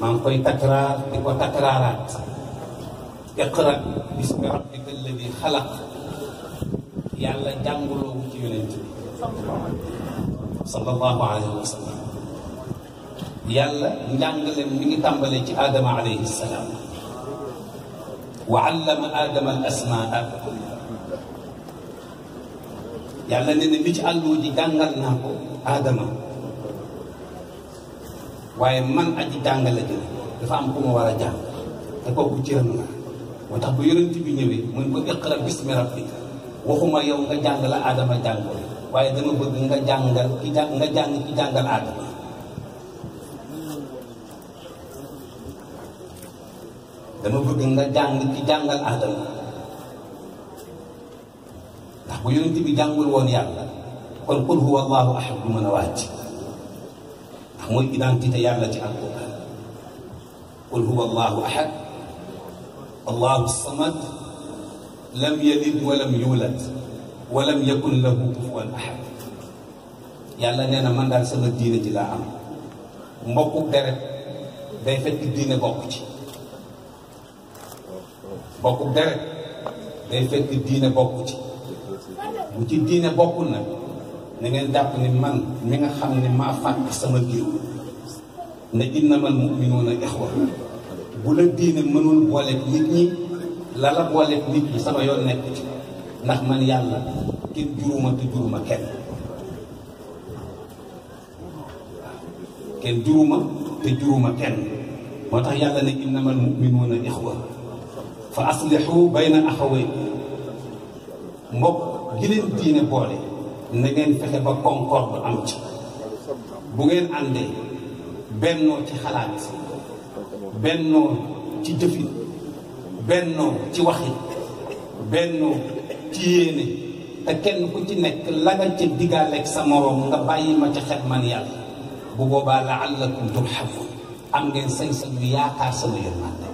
مانكوي تكرار ديكو تكرارات اقرا بسم ربك الذي خلق يلا جانغلو في يونتي صلى الله عليه وسلم يلا جانغل ميغي تامبالي ادم عليه السلام wa allama aadama al asmaa kulliha yàlla nee na mi ci àllu ji jàngal naa ko aadama waaye man a aji jàngale ji dafa am ku ma war a jàng te kooku cëram la moo tax bu yonent bi ñëwee mun ko iqra bismi rabbika waxuma yow nga jàngal aadama jàngal waaye dama bëgg nga jàngal ki nga jàng ki jàngal aadama dama bëgg nga jàng ci jàngal aadama ndax bu yonent bi jàngul woon yàlla kon qul huwa allahu ahad du mën a wàcc ndax mooy identité yàlla ci alquran qul huwa allahu ahad allahu samad lam yalid wa lam yulad wa lam yakun lahu kufuwan ahad yàlla nee na man daal sama diine ji laa am mbokku deret day fekk diine bokk ci bokkul deret day fekk diine bokku ci bu ci diine bokkul nag na ngeen jàpp ni man mi nga xam ne maa fàtte sama diir ne innamal mu'minuuna ixwa bu la diine mënul booleeg nit ñi la la booleeg nit ñi sama yoon nekk ci ndax man yàlla kenn juruma te juruma kenn kenn juruma te juruma kenn moo tax yàlla ne innamal mu'minuuna ixwa fa aslihu bayna axaway mbokk gi leen diine boole na ngeen fexe ba concorde am ci bu ngeen àndee bennoo ci xalaat bennoo ci jëfi bennoo ci waxi bennoo ci yéene te kenn ku ci nekk la ci ca diggaaleeg sa moroom nga bàyyi ma ci xet man yàlla bu boobaa laallakum turhamun am ngeen sañ-sañ yaakaar sama yërmande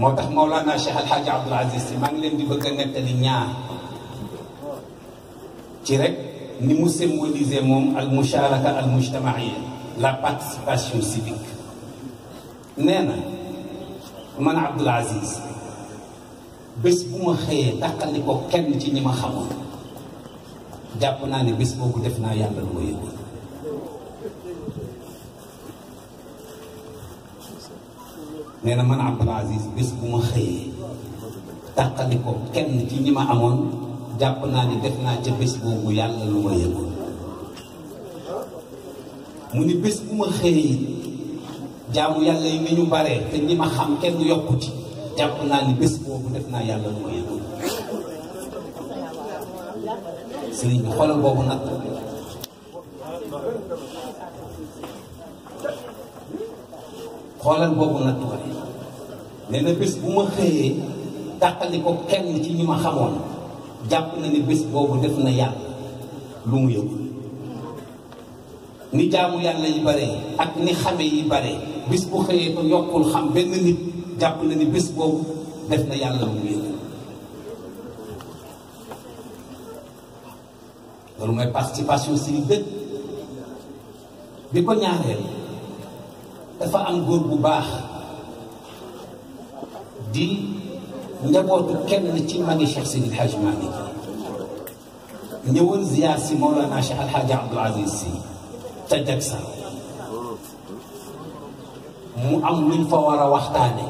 moo tax laa Cheikh El Hadj Abdoul Aziz Sy maa ngi leen di bëgg a nettali ñaar ci rek ni mu symboliser moom al musharaka al la participation civique nee na man Abdoul Aziz bés bu ma xëyee dàqali ko kenn ci ñi ma xamoon jàpp naa ne bés boobu def naa yàlla lu ma yëgoon nee na man Abdoul Aziz bés bu ma xëyee tàqali kenn ci ñi ma amoon jàpp naa ni def naa ca bés boobu yàlla lu ma yëgoon mu ni bés bu ma xëyee jaamu yàlla yi ni ñu baree te ñi ma xam kenn yokku jàpp naa ni bés boobu def naa yàlla lu ma yëgoon sëriñ bi boobu nag xoolal boobu nag tuuti nee na bés bu ma xëyee tàqali ko kenn ci ñi ma xamoon jàpp na ni bés boobu def na yàlla lu mu yëg ni jaamu yàlla yi bare ak ni xame yi bare bés bu xëyee ko yokkul xam benn nit jàpp na ni bés boobu def na yàlla mu yëg loolu mooy participation civique dëkk bi ko ñaareel dafa am góor bu baax di njabootu kenn ci mangi Cheikh sidi El Hadji Malick ñëwoon ziar si Mawlana Cheikh El Hadji Abdoul Aziz Sy ca Jagsa mu am luñ fa war a waxtaane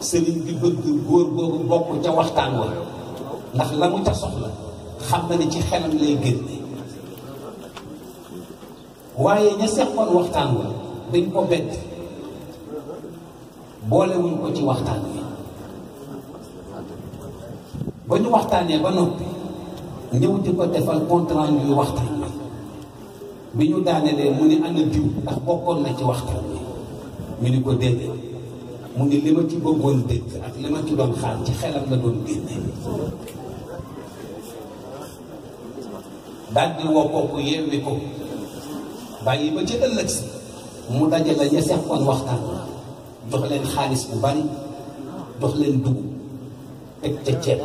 sëriñ bi bëgg góor boobu bokk ca waxtaan wa ndax la mu ca soxla xam na ne ci xelam lay gën waaye ña seqoon waxtaan wa dañ ko bett boolewuñ ko ci waxtaan bi ba ñu waxtaanee ba noppi ñëw di ko defal contrat ñuy waxtaan bi ñu daaneele mu ne ana diw ndax bokkoon na ci waxtaan bi ñu ni ko déedéet mu ni li ma ci bëggoon dégg ak li ma ci doon xaar ci xelam la doon génne daal di woo kooku yeewi ko bàyyi ba ci ëllëg si mu dajale ña seqoon waxtaan jox leen xaalis bu bari jox leen dugub teg ca ceeb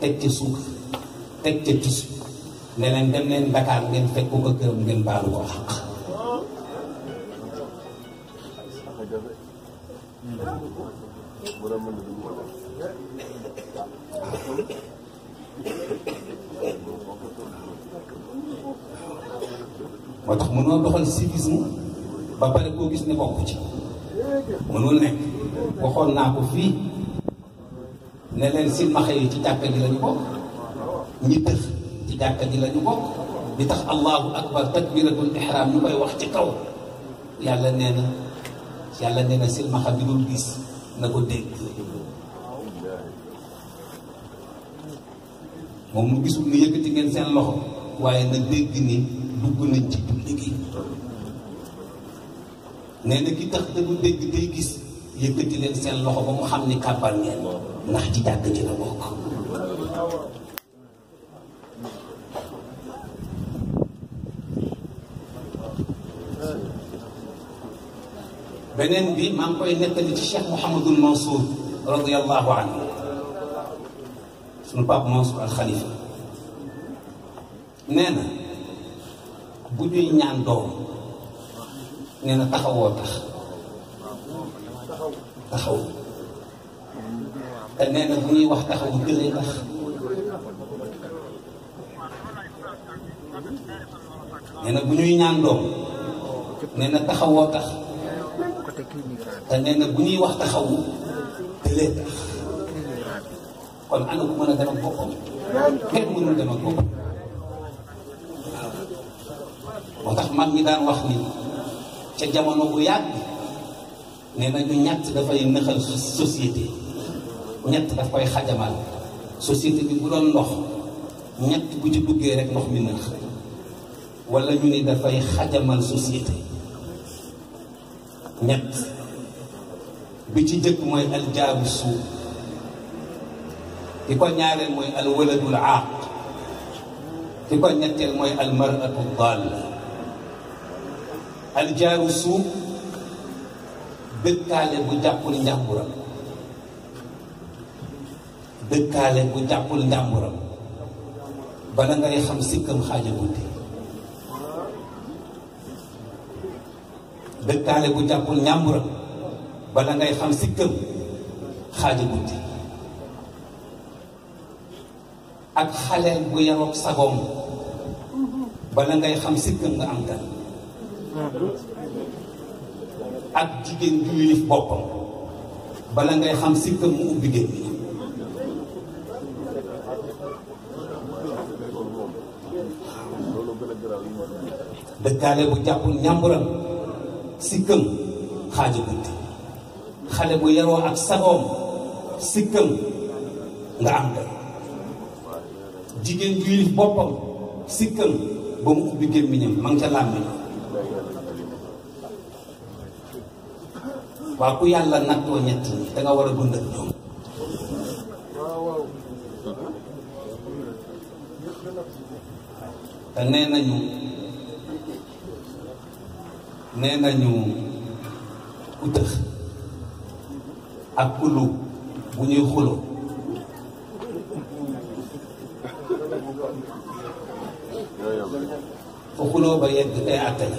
teg ca suuf teg ca tissu ne dem leen Dakar ngeen fekk ko këram ngeen baalu ko xaq moo tax mënoo doxal civisme ba pare koo gis ne bokk ci mënul nekk waxoon naa ko fii ne leen silmaxa yi ci jàkka ji lañu bokk ñi tëx ci jàkka ji lañu bokk bi tax allahu akbar takbiratul ihram ñu koy wax ci kaw yàlla nee na yàlla nee na silmaxa bi dul gis na ko dégg moom mu gisul ni yëkkati ngeen seen loxo waaye na dégg ni dugg nañ ci julli gi nee na ki tax dama dégg tey gis yëkkati seen loxo ba mu xam ni kàbbal ngeen ndax ci jàkk ji la bokk beneen bi maa ngi koy nettali ci Cheikh Mouhamadul Mansour radiyallahu anhu sunu Pape Mansour al Khalifa ñuy ñaan doom لأن التخوف تخوف تخوف أمام الدنيا واحد تخوف الدنيا تخوف لأن بنوي نعندهم لأن التخوف تخوف أمام الدنيا واحد تخوف الدنيا تخوف قل عنكم أنا دم بقهم كيف من دم بقهم وتخمن ميدان وخمين ca jamono bu yàgg nee nañu ñett dafay nëxal société ñett daf koy xajamal société bi bu doon ndox ñett bu ci duggee rek ndox mi nëx wala ñu ni dafay xajamal société ñett bi ci jëkk mooy aljaabu suuf ki ko ñaareel mooy alwaladul aaq ki ko ñetteel mooy almaratu dalla al jarusu bekal budak pun nyambur bekal budak pun nyambur barang kali khamsi kam khaja budi bekal budak pun nyambur barang kali khamsi kam khaja budi ak halal bu yarok sagom balangay xam sikam nga am ak jigéen ju yilif boppam bala ngay xam sikkam mu ubbi génn bi dëkkaale bu jàpp ñàmburam sikkam xaaju guddi xale bu yaroo ak sagoom sikkam nga am day jigéen ju yilif boppam sikkam ba mu ubbi gémmiñam ma nga ca làmmiñ waaw ku yàlla nattoo ñett ñi da nga war a dund ak ñoom te nee nañu nee nañu ku tëx ak kullu bu xuloo ba yegg day àtte la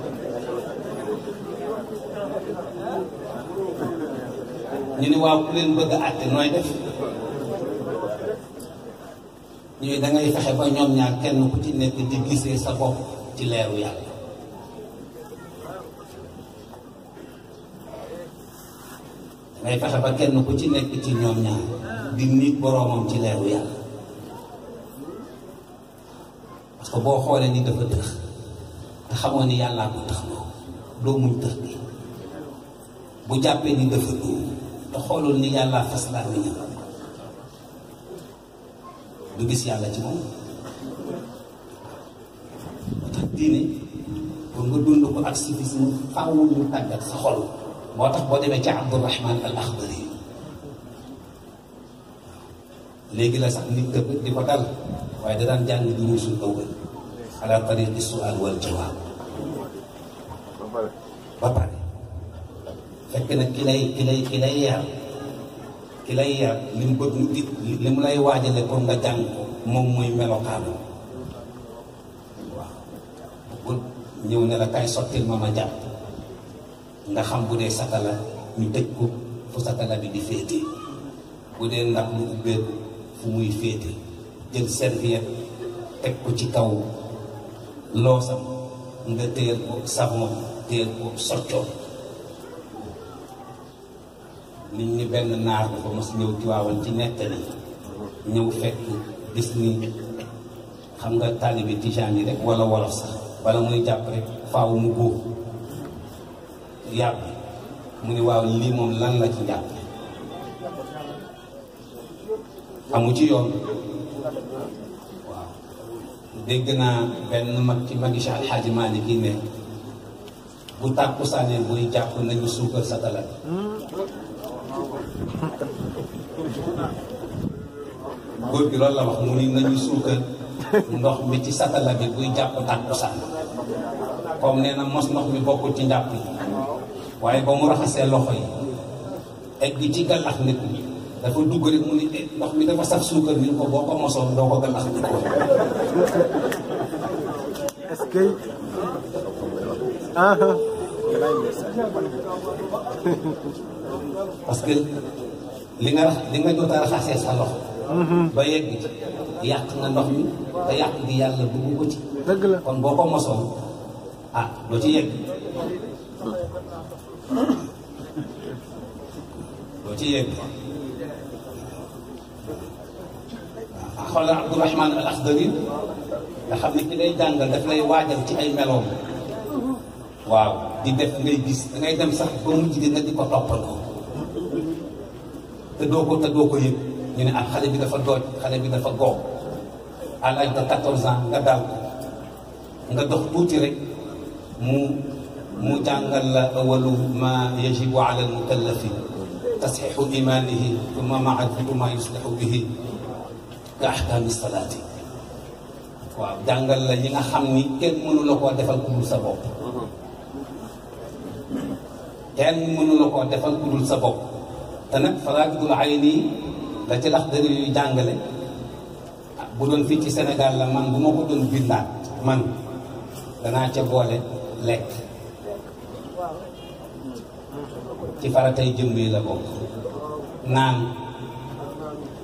ñu ni waaw ku leen bëgg a nooy def ñuy da fexe ba ñoom ñaar kenn ku ci nekk di gisee sa bopp ci leeru yàlla da ngay fexe ba kenn ku ci nekk ci ñoom ñaar di nit boroomam ci leeru yàlla parce boo xoolee ni dafa tëx te xamoo ni yàllaa ko tax loo doo muñ tëx bi bu jàppee ni dafa dóor te ni yàlla fas laa nit du gis yàlla ci moom tax diine pour nga dund ko ak civisme faaw mu tàggat sa xol moo tax boo demee ci Abdourahman al Axdari léegi la sax nit di ko dal da musul ala tariqi sual wal ba pare fekk na ki lay ki lay ki lay yar ki lay yar li mu bëgg di li mu lay waajale pour nga jàng moom muy melokaanu waaw bu ñëw ne la kay sottil ma ma jàpp nga xam bu dee satala ñu tëj ko fu satala bi di féete bu dee ndax lu ubbeeku fu muy féete jël serviette teg ko ci kaw loosam nga téer ko savon téer ko soccoo liñ ni benn naar dafa mos ñëw Tiwaawan ci nettali ñëw fekk gis ni xam nga taalibe tijaan yi rek wala wolof sax bala muy jàpp rek faaw mu góob yàpp mu ni waaw lii moom lan la ci jàpp amu ci yoon waaw dégg naa benn mag ci magi Cheikh Al ne bu tàkkusaanee buy jàpp nañu suukar satala góor bi loolu la wax mu ni nañu suukal ndox mi ci satala bi buy jàpp tàkkusaan comme nee na mos ndox mi bokkul ci njàpp yi waaye ba mu raxasee loxo yi egg ci gàllax nit ñi dafa dugg rek mu ni eh, ndox mi dafa saf suukar ni ko boo ko mosoon doo ko gàllax nit est-ce ah, ah. dengar dengar itu nga jot salah raxasee sa lox ba loh ini nga dia lebih te kon ah doo ya yegg ya ci yegg waaw al Akhdari nga xam ne ki daf lay ci ay waaw di def ngay gis dangay dem sax ba nga di ko ko te doo ko te doo ko yëg ñu ne ak xale bi dafa dooj xale bi dafa góob à l'âge de 14 ans nga daal nga dox tuuti rek mu mu jàngal la awalu ma yajibu ala almukallafi tasxiixu imaanihi tuma maarifu ma yuslixu bihi ka ahkaami salaati waaw jàngal la ñi nga xam ni kenn mënu la koo defal ku dul sa bopp kenn mënu la koo defal ku dul sa bopp te nag faraaidul ayni la ci lax dana yuy jàngale bu doon fii ci Sénégal la man bu ma ko doon bindaat man danaa ca boole lekk ci faratay jëmm yi la bokk naan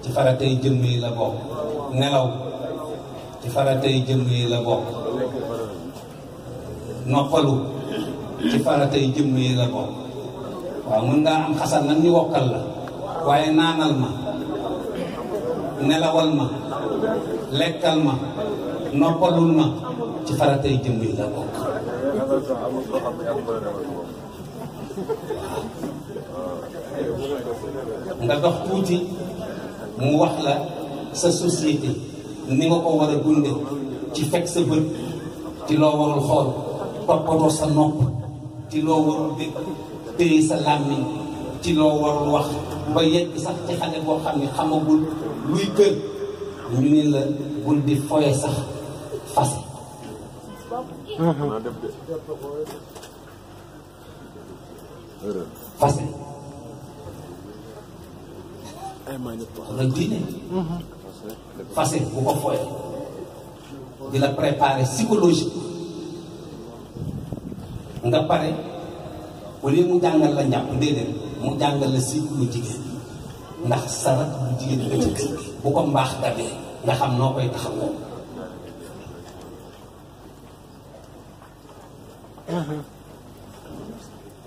ci faratay jëmm yi la bokk nelaw ci faratay jëmm yi la bokk noppalu ci faratay jëmm yi la bokk waaw mën ngaa am xasal nag ñu wokkal la waaye naanal ma nelawal ma lekkal ma noppalul ma ci faratay jëmm yi la bokk nga dox tuuti mu wax la sa société ni nga ko war a gunde ci fekk sa bët ci xool toppatoo sa nopp ci loo téye sa làmmiñ ci loo warul wax ba yegg sax ci xale boo xam ne xamagul luy kër ñu ni la bul di foye sax fas fas la diine fas bu ko foye di la préparer psychologique nga pare au lieu mu jàngal la njàpp déedéet mu jàngal la cycle lu jigéen ndax sarat lu jigéen la ci bu ko mbaax dabee nga xam noo koy taxawoo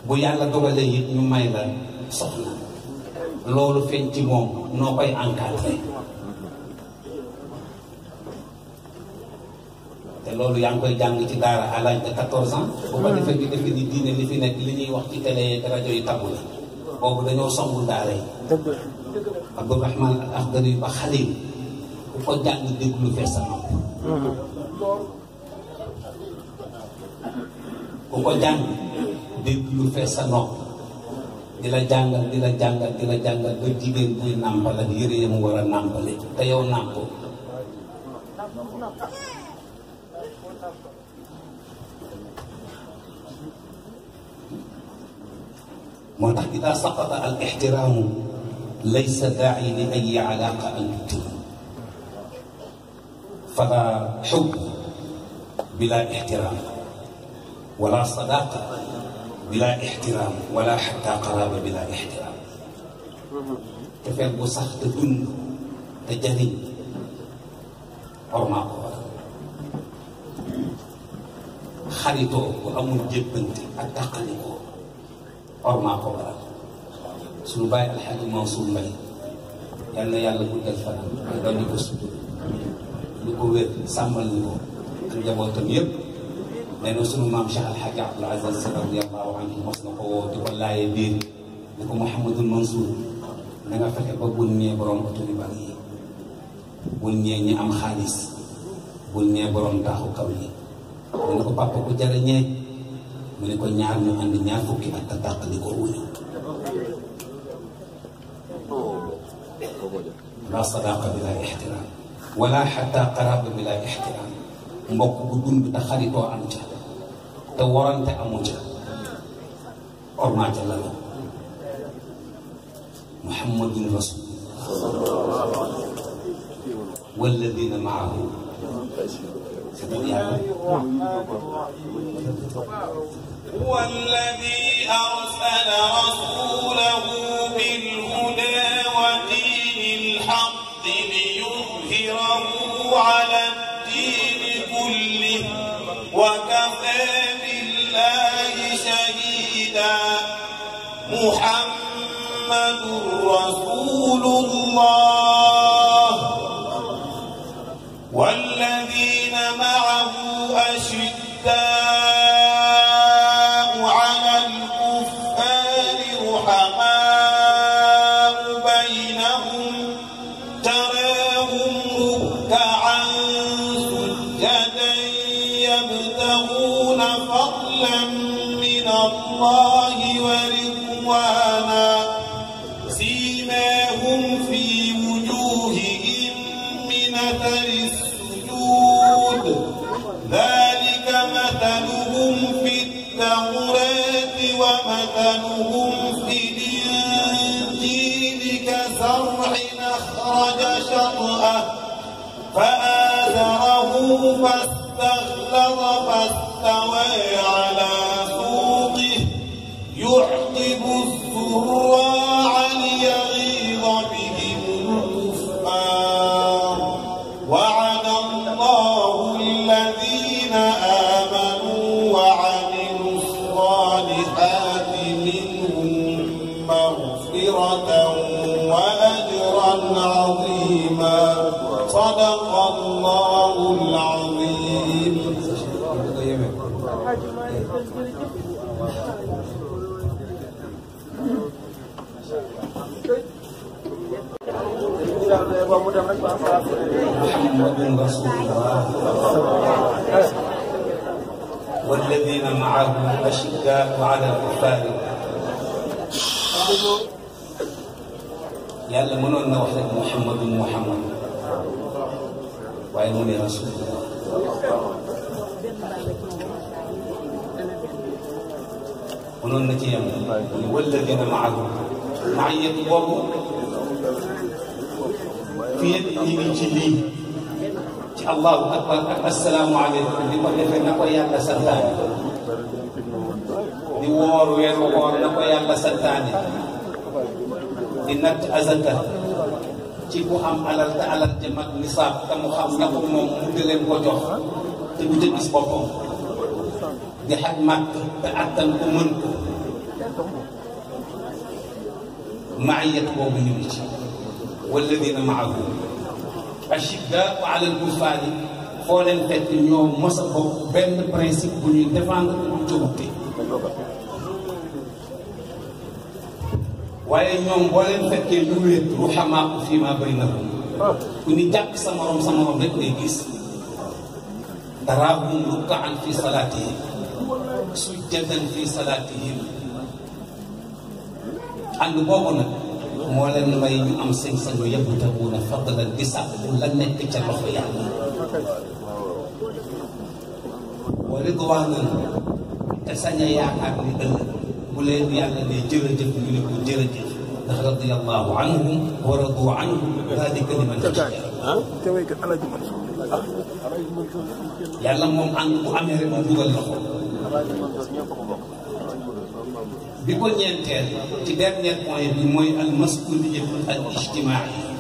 bu yàlla dogalee it ñu may la soxna loolu feeñ ci moom noo koy encadré loolu yaa ngi koy jàng ci daara à de 14 ans. ni diine li li ñuy wax rajo yi tabu la. boobu dañoo somb daara yi. dëgg Akhdari ba xale yi mhm. ku ko jàng déglu fees sa nopp. ku ko jàng déglu fees sa nopp di la jàngal di la jàngal di ba jigéen buy nàmpal yëre ya mu war a nàmpale te yow nàmp. وإذا سقط الاحترام ليس داعي لأي علاقة أن تتهم فلا حب بلا احترام ولا صداقة بلا احترام ولا حتى قرابة بلا احترام تفعل بصح تدن تجري أرماق ko waral جبنتي bu Orma ko waral suñu bàyyi alxaaji Mansour Mbaye yal na yàlla guddal fanam dolli ko sutur lu ko wér sàmmal ñu ko ak njabootam yëpp nee na sunu maam Cheikh alxaaji Abdul Aziz radiyallahu anhu ko di ko laayee biir ne ko Mouhamadul Mansour na nga fexe ba bul ñee borom oto yu bari yi ñi am borom kaw yi ko من يكون يعلم أن and ñaar fukki at لا صداقة بلا احترام ولا حتى قرابة بلا احترام مبوك بدون بتخاري تو عنجا تورن تأموجا أرمى جل الله محمد رسول والذين معه سبحان الله هو الذي أرسل رسوله بالهدى ودين الحق ليظهره على الدين كله وكفى بالله شهيدا محمد رسول الله والذين معه أشداء مثلهم في الإنجيل كزرع أخرج شطأه فآزره فاستغلظ فاستوى على سوقه يعقب الزرار محمد رسول الله والذين معه أشداء على الكفار يا من أن محمد محمد وعلمني رسول الله ونون نتيم والذين معه معي قوة في يده من جبريل الله أكبر السلام عليكم li ko defee na ko yàlla santaane di woor weeru woor na ko yàlla santaane di natt azaka ci ku am alal te alal ja mag nisaab te mu xam na ko moom mu di leen ko jox te du gis boppam di xaj màkk te attan ko mën ko maayat boobu ñu ngi ci والذين معه أشداء على الكفار فولن تتنيو مصبه بين برنسيب بني دفان جوتي وينيوم بولن تتنيو روح ما فيما بينهم كني جاك سمرم سمرم لك نيجيس تراهم ركعا في صلاتهم سجدا في صلاتهم عند بوغنا moo leen may ñu am sañ-sañu yabtaguuna fadlan di sàkku la nekk ca loxo yàlla wa ridwaanan te sañ a yaakaar ni ëllëg bu leen yàlla ne jërëjëf ñu ne ko jërëjëf ndax radiyallahu anhum wa radu anhu daalika liman ah, yàlla moom ànd bu amee rek mu dugal loxo bi ko ñeenteel ci point bi mooy al mas'uliyya al ijtimaaiya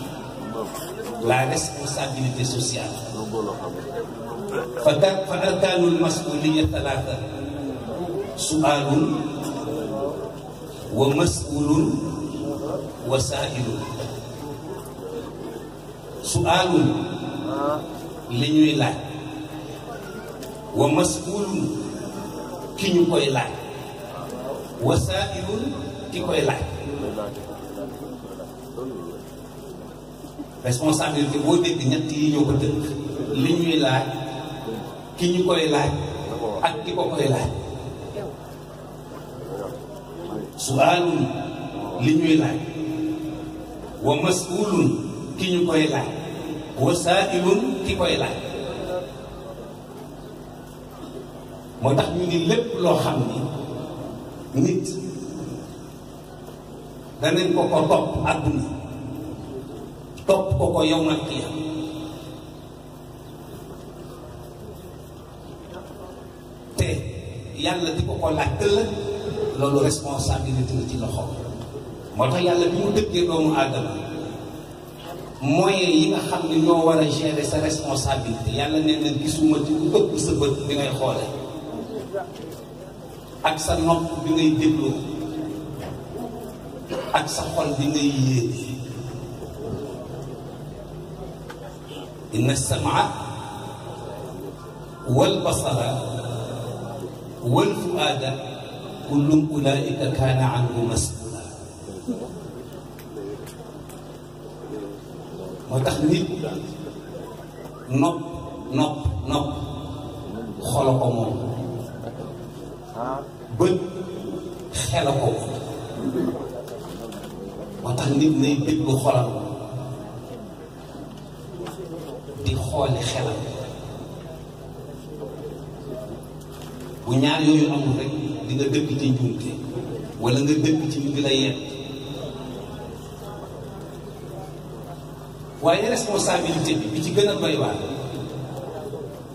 la responsabilité sociale fa fa arkaanu al mas'uliyya li ñuy laaj wa mas'ulun ki ñu koy laaj wasailun ki koy laaj responsabilité boo dégg ñett yi ñoo ko dënk li ñuy laaj ki ñu koy laaj ak ki ko koy laaj suaalun li ñuy laaj wa masulun ki ñu koy laaj wa saailun ki koy laaj moo tax ñu ni lépp loo xam ni nit danañ ko ko topp àdduna topp ko ko yow nag te yàlla di ko ko laaj ëllëg loolu responsabilité la ci loxo moo tax yàlla bi mu dëggee doomu aadama moyens yi nga xam ne ñoo war a gérer sa responsabilité yàlla nee na gisuma ci lu ëpp sa bët bi ngay ak sa nopp bi ngay déglu ak sa xol bi ngay yéene inna samaa wal basara wal fuaada kullum ulaika kaana anhu masula moo tax nit nopp nopp ñaar yooyu amul rek di nga dëkk ci njuumte wala nga dëkk ci ñu la yedd waaye responsabilité bi bi ci gën a doy waar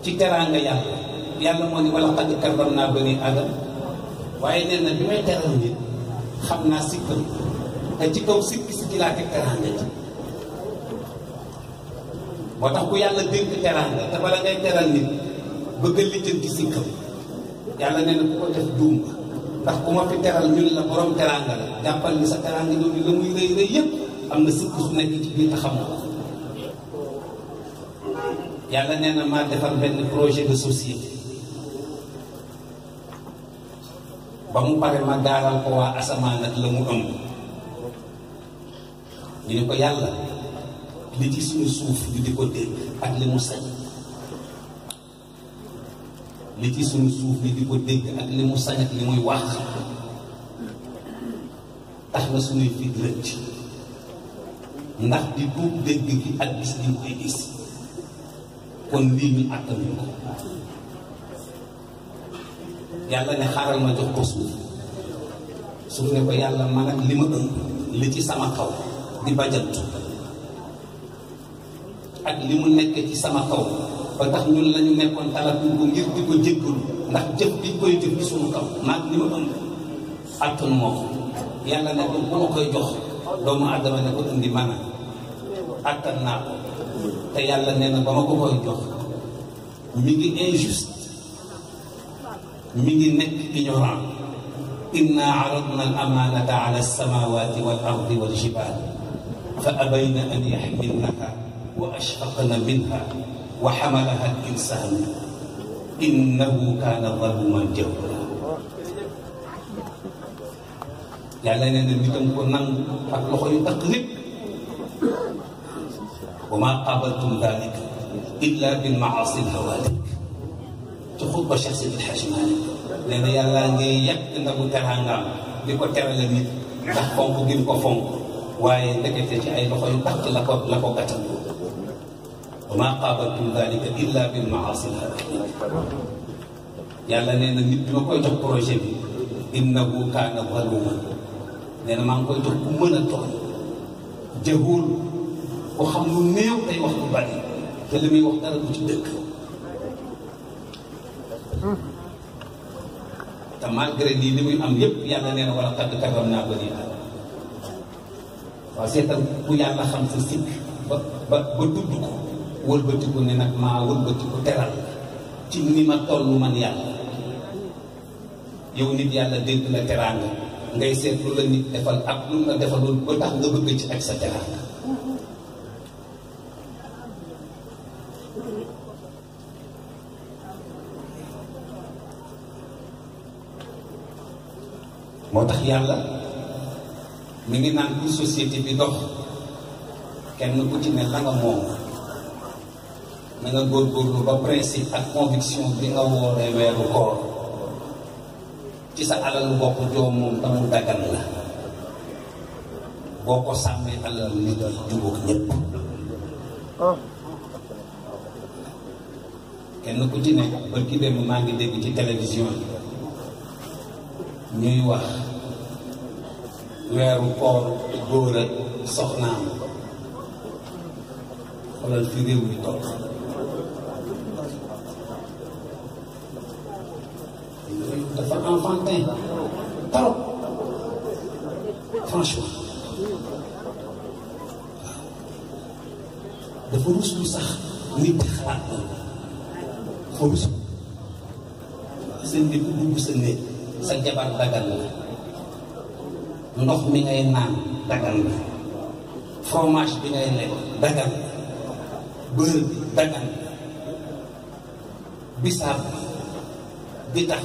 ci teraanga yàlla yàlla moo ne wala xadd karram naa bani adam waaye nee na bi may teral nit xam naa sikkam te ci sikk si ci laa teg teraanga ci moo tax ku yàlla dénk teraanga te bala ngay teral nit bëgg a lijjanti sikkam yàlla nee na ko def duum ndax ku ma fi teral ñun la borom teranga la jàppal ni sa teranga loolu la muy rëy rëy yëpp am na sikk su nekk ci biir te xam na yàlla nee maa defar benn projet de société ba mu pare ma gaaral ko waa asamaan ak la mu ëmb ñu ne ko yàlla li ci suñu suuf ñu di ko dégg ak li mu sañ li ci suñu suuf bi di ko dégg ak li mu sañ ak li muy wax tax na suñuy fit rëcc ndax di duub dégg gi ak gis gi koy gis kon lii ñu àttanuñ ko yàlla ne xaaral ma jox ko suuf suuf ne ko yàlla man ak li ma ëmb li ci sama kaw di bajantu ak li mu nekk ci sama kaw ba tax ñun lañu nekkoon talatuñ ko ngir di ko jéggalu ndax jëf bi koy jëf ci suñu kaw maag ni ma ëmb attanu moo ko yàlla ne ko bu ma koy jox doomu adama ne ko indi mana attan naa ko te yàlla nee na ba ma ko koy jox mi ngi injuste mi ngi nekk ignorant inna aradna al amanata ala alsamawati wal ardi wal jibal fa abayna an yaxmilnaha wa ashfaqna minha وحملها الإنسان إنه كان ظلما جهولا يا لنا نلمتم كنن أكلخوا يتقذب وما قابلتم ذلك إلا بالمعاصي الهوالك تخوض بشخص الحشمان لأن يا لاني يقتل أبو تهانا لكو تعالى ميت لحفونك وين تكفيش أي لخوا يتقل لكو قتلوا وما قابلتم ذلك الا بالمعاصي الهدفيه يلا نين نيت ماكوي توك بروجي انه كان ظلوما نين ماكوي توك مانا توك جهول وخم لو نيو اي وقت بالي تا لمي وقت دارا دو دك تا مالغري ني لمي ام ييب يلا نين ولا قد كرمنا بني ادم واسيتم بو يلا خم سيك با با دودكو wëlbatiku ne nag maa wëlbatiku teral ci ni ma toll man yàlla yow nit yàlla dénk la teraanga ngay seet lu la nit defal ak lu la defalul ba tax nga bëgg ci ak sa teraanga moo tax yàlla mi ngi naan pour société bi dox kenn ku ne la moom na nga góorgóorlu ba principe ak conviction bi nga wooree weeru koor ci sa alal bopp joo moom tamu daggan la boo ko sàmmee alal ni dal jubóog ñëpp kenn ku ci nekk bërki dem maa ngi dégg ci télévision yi ñuy wax weeru koor góor ak soxnaam xoolal fi réew mi toll dafa enfantin trop franchement dafa ruslu sax nit xalaat na dafa ruslu sa nit dugg sa néeg sa jabar dagal la ndox mi ngay naan dagal la fromage bi ngay lekk dagal la beurre bi dagal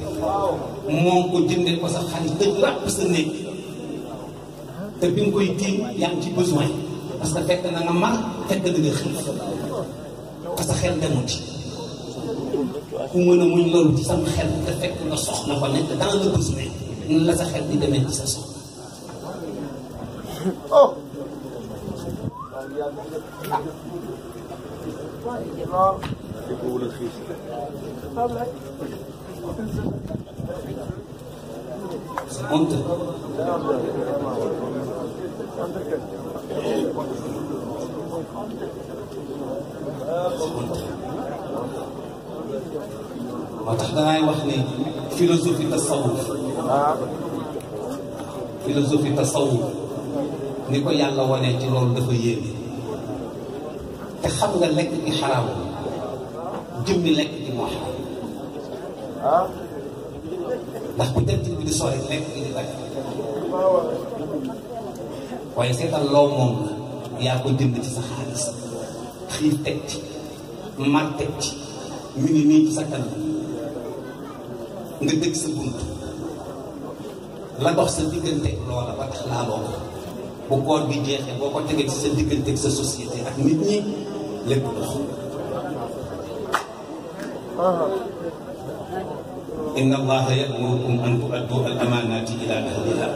moom ko jëndee ko sa xaalis tëj ràpp sa néeg te bi nga koy tiim yaa ci besoin parce que fekk na nga mar fekk da nga xiif parce que xel demu ci ku mën a muñ loolu ci sama xel te fekk nga soxla ko nekk dans le besoin nan la sa xel di demee ci sa soxla oh. انت فتحت معي واحنا فيلوزوفي التصوف philosophie tasawuf ni ko yàlla wanee ci loolu dafa yéeme te xam nga lekk ci xaraamul jëmmi lekk ci moo xaraam ah ndax bu jant bi di sori lekk di di tàkk waaye seetal loo moom la yaa ko jënd ci sa xaalis xiif teg ci mar ci mi ngi nii ci sa kanam nga dëgg sa bunt la dox sa diggante loola ba tax laaloo ko bu koor bi jeexee boo ko tegee ci sa diggante sa société ak nit ñi lépp dox inna allaha yamurukum an tuaddu al amanati ila ahliha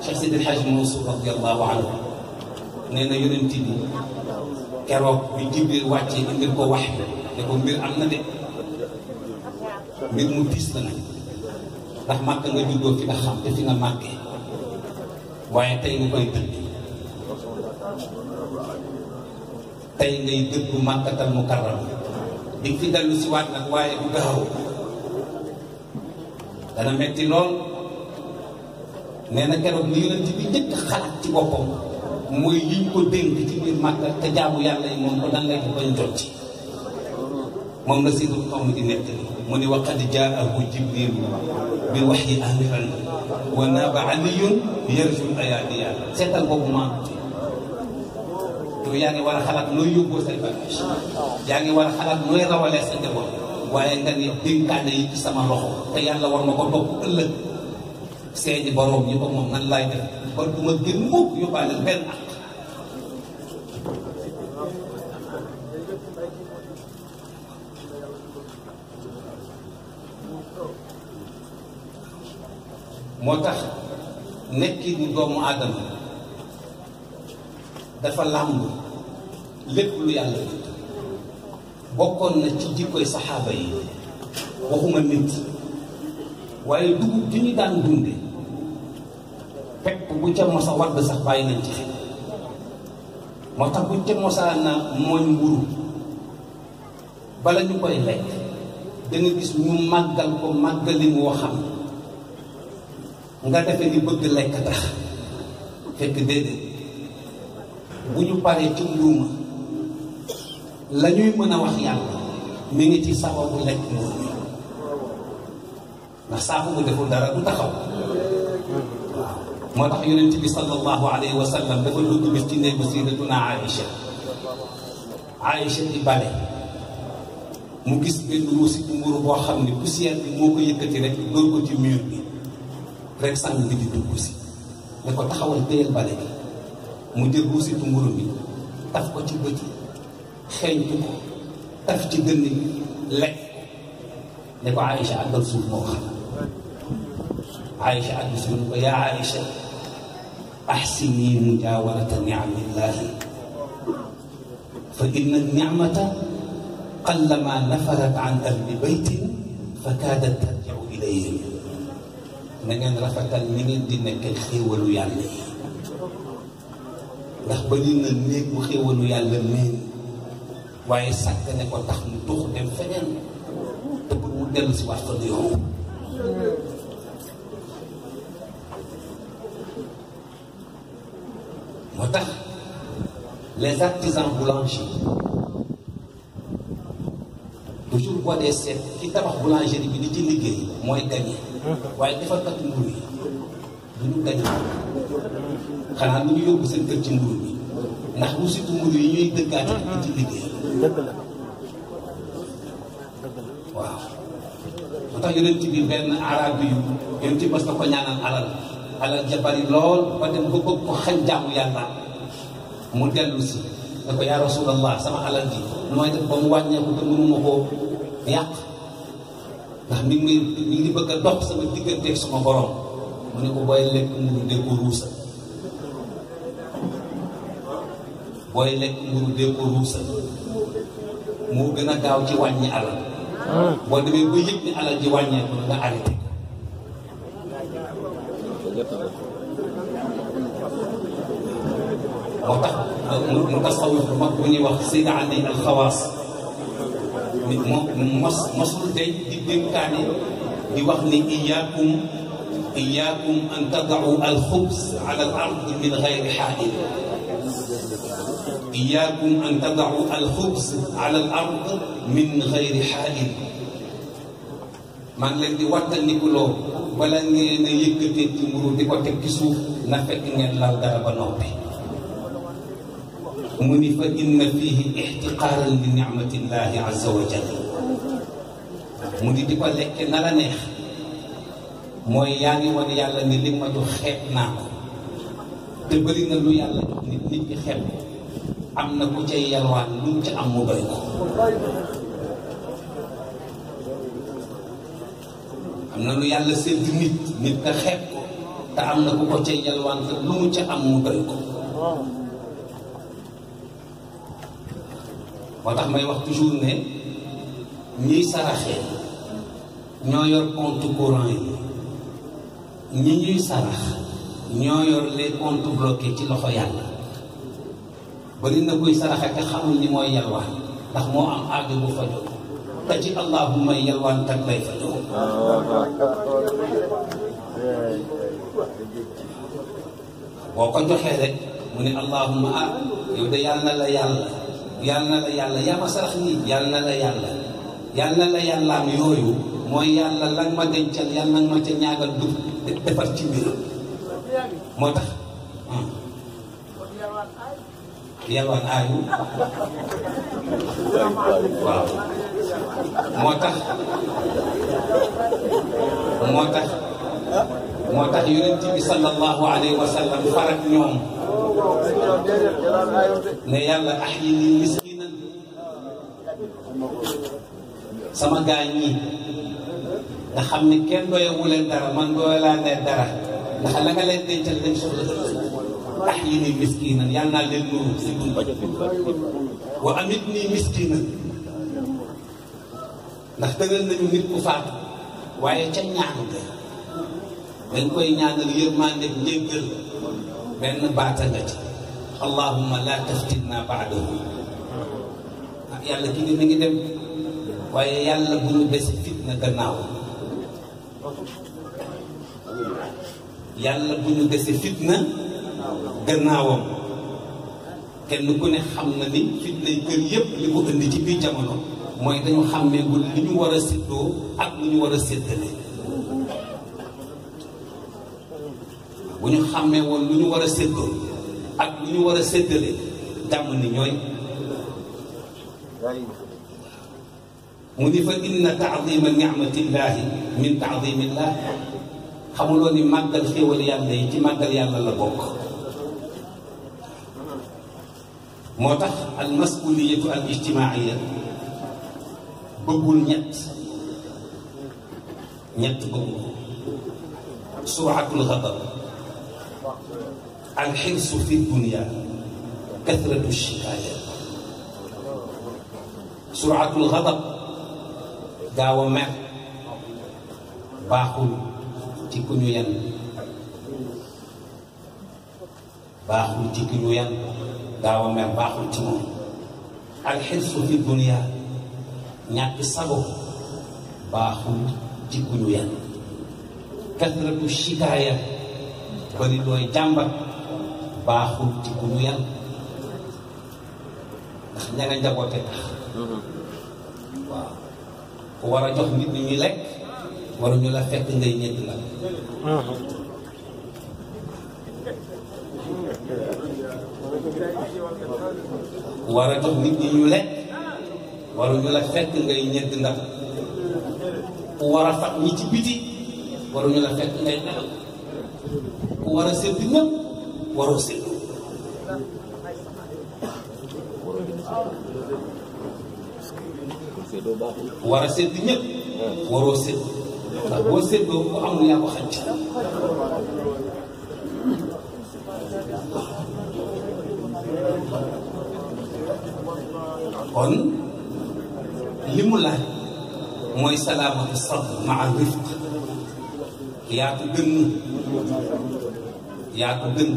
Cheikh Sidi El Hadj Mansour radiyallahu anhu nee na yonent bi keroog bi Jibril wàccee indil ko wax ne ko mbir am na de mbir mu tiis la nag ndax màkk nga juddoo fi nga xam te fi nga màkkee waaye tey nga koy dëgg tey ngay dëggu màkkatal mukarram di fi dellu si waat nag waaye du gaaw dana metti lool nee na keroog li yonent bi njëkk xalaat ci boppam mooy liñ ko dénk ci biir màkka te jaamu yàlla yi moom ko dan lay bañ jot ci moom la sidul xawm di nett mu ni wa qad jaahu jibril bi waxyi amiran wa naaba aliyun yarjul ayaati yàlla seetal boobu maam yaa ngi war a nooy yóbboo say yaa ngi war a xalaat nooy rawalee sa njaboot waaye nga ci sama loxo te yàlla war ma ko topp ëllëg borom yi ko nan laay def ba du ma gën mukk yóbbaale ak nekki ni doomu dafa làmb lu bokkoon na ci jikkoy saxaaba yi waxuma nit waaye dugub bi ñu daan dunde pepp bu ca mosa wadd sax bàyyi xel moo tax bu ca mosa na mooñ mburu bala ñu koy lekk danga gis mu màggal ko màggalin woo xam nga defe ni bëgg lekk tax fekk déedéet bu ñu paree ci mbuuma la ñuy mën a wax yàlla mi ngi ci sababu lekk moom ndax saabu bu deful dara du taxaw moo tax yonent bi sallallahu alayhi wa sallam dafa dugg bis ci néegu sayyidatuna Aïcha Aïcha di bale mu gis benn ruusi mburu boo xam ne poussière bi moo ko yëkkati rek dóor ko ci mur bi rek sàng bi di dugg si ne ko taxawal téyel bale bi mu jël ruusi mburu bi taf ko ci bëti xeeñtu ko taf ci dënn yi lekk ne ko Aïcha àggal suuf moo xam Aïcha àggal suuf ne ko yaa Aïcha axsini mujaawarata nicmillaahi fa inna nicmata qallama nafarat an ahli baytin fa kaadat tarjiu ilayhim na ngeen rafetal ni ngeen di nekk xéewalu yàlla yi ndax ba ñu na néeg bu xéewalu yàlla meen waaye sàggane ko tax mu tuux dem feneen te mu dellu si waat fa du tax les artisans boulangers toujours boo dee seet ki tabax boulangerie bi di ci liggéey mooy gagné waaye defarkatu mburu yi du ñu gagné xanaa du ñu yóbbu seen kër ci mburu bi ndax musitu mburu yi ñuy dëggaate di ci liggéey dëgg la dëgg la waaw bi benn arab bi yonent bi mas na ñaanal alal alal ja bari lool ba dem ba bëgg ko xañ jaamu yàlla mu ya sama alal di. lu itu def ba mu wàññeeku te mënuma koo yàq ndax mi ngi mi ngi bëgg a dox sama digganteeg sama borom mu ne ko booy moo gën a gaaw ci wàññi alal boo demee ba yëg ni alal ji wàññeeku na nga arrêté moo tax mu tasawuf bu mag bu ñuy wax Seyd Ali alxawaas moom mos mosul tey di dénkaane di wax ni iyaakum iyaakum an tadau alxubs ala al ard min gayri xaa'il إياكم أن تضعوا الخبز على الأرض من غير حائل ما الذي وطن نقوله ولا نيجي تمرو دي كيسو نفك سوف لا فك نين نوبي من فإن فيه احتقارا لنعمة الله عز وجل من دي كو لك نالا نيخ موي ياغي وني يالا ني ليماتو خيب نا te bari na yalla jox nit nit am na ku cay yalwaan luñ ci am mu doy ko am na lu yàlla sédd nit nit ka xeeb ko te am na ku ko cay yalwaan te lu mu ci am mu doy ko moo tax may wax toujours ne ñiy saraxee ñoo yor compte courant yi ñi ñuy sarax ñoo yor les comptes bloqués ci loxo yàlla bari na kuy saraxe te xamul ni mooy yalwaan ndax moo am aajo bu fajoo joxee rek mu ne allahumma ah yow de yàlla na la yàlla yàlla la yàlla yaa ma sarax nii yàlla na la yàlla yàlla na la yàllaam yooyu mooy yàlla lan ma dencal yàlla nag ma ca ñaagal dugg defar ci mbiram moo tax hmm. yalwaan aayu moo tax moo tax moo tax yonent bi sallallahu alayhi wa sallam farak ñoom ne yàlla ahyini miskinan sama gaañ yi nga ni ne kenn doyawu leen dara man doyalaa ne dara ndax la nga leen dencal dañ soxla axyini miskinan yal naa leen nuyu si dund wa amit nii miskinan ndax dëggal nañu nit ñaan ga dañ koy ñaanal yërmande njéggal benn baata nga ci allahumma la taftinna baadahu ah, yàlla kii di mi ngi dem waaye yàlla bu ñu desi fitna gannaaw yàlla bu ñu desi fitna gannaawam kenn ku ne xam na ni fitnay kër yëpp li ko indi ci biir jamono mooy dañu xàmmeegul li ñu war a séddoo ak lu ñu war a séddale bu ñu xàmmee woon lu ñu war a séddoo ak lu ñu war a séddale jàmm ni ñooy mu ni fa inna taadima nicmatillahi min taadimillah xamuloo ni màggal xéewal yàlla yi ci màggal yàlla la bokk موتاخ المسؤوليه الاجتماعيه بقول نيت نيت بقول سرعه الغضب الحرص في الدنيا كثره الشكايه سرعه الغضب داو مير باخول تيكونو ين باخول تيكونو ين gaaw a mer baaxul ci moom alxirsu fi dunia ñàkk sago baaxul ci ku ñu yar kasratu shikaaya bari looy jàmbat baaxul ci ku ñu ndax ña nga njaboote tax waaw ku war a jox nit ñi ñuy lekk waruñu la fekk ngay ñett la war a jox nit ñi ñu lekk waruñu la fekk ngay ñedd ndax war a fat ñi ci biti waruñu la fekk ngay nelaw war a sédd ñëpp waroo sédd war a sédd ñëpp waroo sédd ndax boo séddoo ku amul yaa ko xaj kon li mu laaj mooy salaamatu sabr maa rifq yaatu dënn yaatu dënn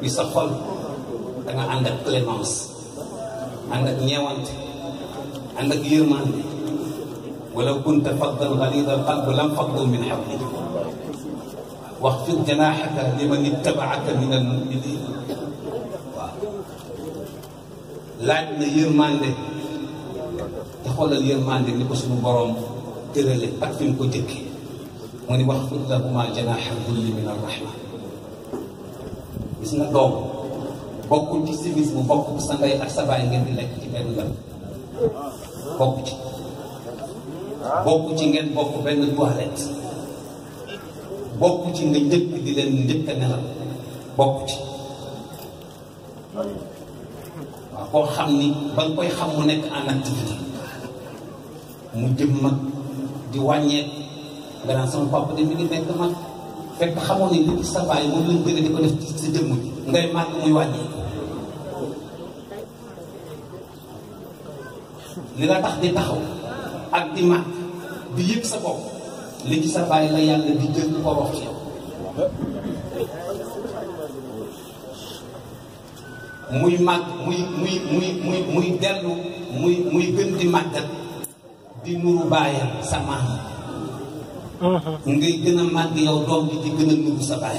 bi sa xol da nga ànd ak clémence ànd ak ñeewante ànd ak yërmande walaw kunta faddan galida alqalb lam faddu min xawlik waxfid janaxaka liman ittabaaka min almuminin laaj na yërmande te xoolal yërmande ni ko suñu boroom tërale ak mu ko jëkkee mu ni wax fut lahuma janaaxa dulli min arrahma gis nga doom bokkul ci service bu bokk sa ndey ngeen bokk ci toilette bokk ci nga njëkk di leen njëkk a nelal ci koo xam ni ba nga koy xam mu nekk en activité mu jëm mag di wàññeek nga naan sama papa de mi ngi nekk mag fekk xamoon ne nit sa baay moom lañ sa jëmm la taxaw ak di sa bopp li la yàlla di jël ko wax ci muy màgg muy muy muy muy muy dellu muy muy gën di màggat di nuru baayam sa maam uh-huh. ngay gën màgg yow doom bi di gën nuru sa baay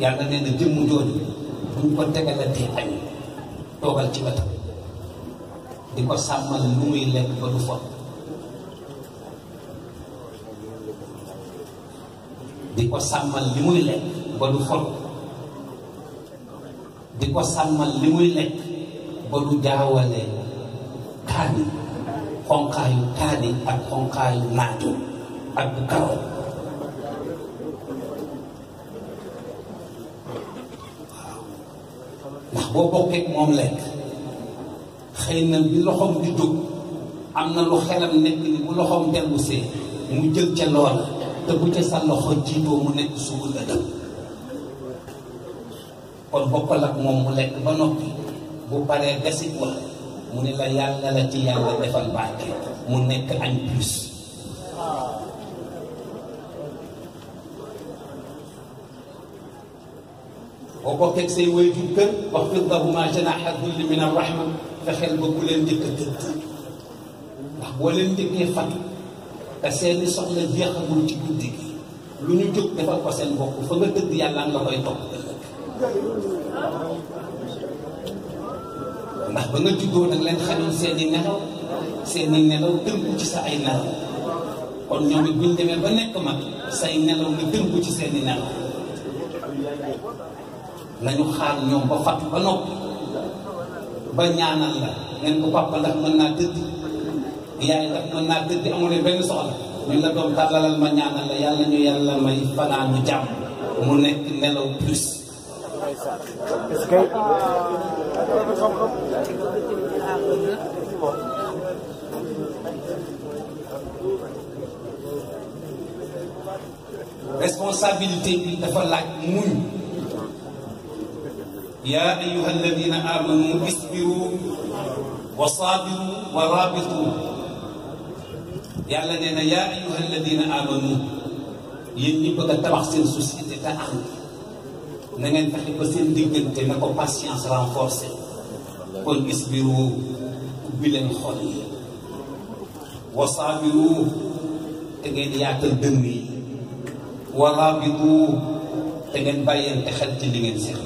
yàlla nee na jëmm jooju buñ ko tegalatee añ toogal ci wetam di ko sàmmal lu muy lekk ba du fot di ko sàmmal li muy lekk ba du fot di ko sàmmal li muy lekk ba du jaawale taani xonqaayu taani ak xonqaayu naatu ak bu karo ndax boo bokkee moom lekk xëy na bi loxoom di jóg am na lu xelam nekk ni bu loxoom dellu mu jël ca loola te bu ca sa loxo jiitoo mu nekk suul ëllëg kon bokkal ak moom mu lekk ba noppi bu paree desit wax mu ne la yàlla la ci yàlla defal barke mu nekk añ plus boo ko teg say way jur kër wax fir lahuma janaha dulli min arrahma fexeel ba bu leen njëkk a tëdd ndax boo leen njëkkee fatu te seeni soxla jeexagul ci guddi gi lu ñu jóg defal ko seen bopp fa nga tëdd yàlla nga koy topp ndax ba nga juddoo nag lañ xañoon seen nelaw seen nelaw tënku ci sa ay nelaw kon ñoom it bu demee ba nekk mag say nelaw nga tënku ci seen i nelaw nañu xaar ñoom ba fàttu ba noppi ba ñaanal la ngeen ko papa ndax mën naa tëdd yaay ndax mën naa tëdd amu ne benn soxla ñu la doom tàllalal ma ñaanal la yàlla ñu yàlla may fanaanu jàmm mu nekk nelaw plus مسكين responsabilité bi dafa laaj muñ ya ayyuha alladina amanu isbiru wa sabiru wa rabitu yàlla nee ya ayyuha alladina amanu yéen ñi bëgg a tabax seen société te ànd na ngeen fexe ba seen diggante na ko patience renforcée kon isbiru ubbi leen xol yi wa saabiru te ngeen yaatal dënn yi wa raabitu te ngeen bàyyante xel ci li ngeen seq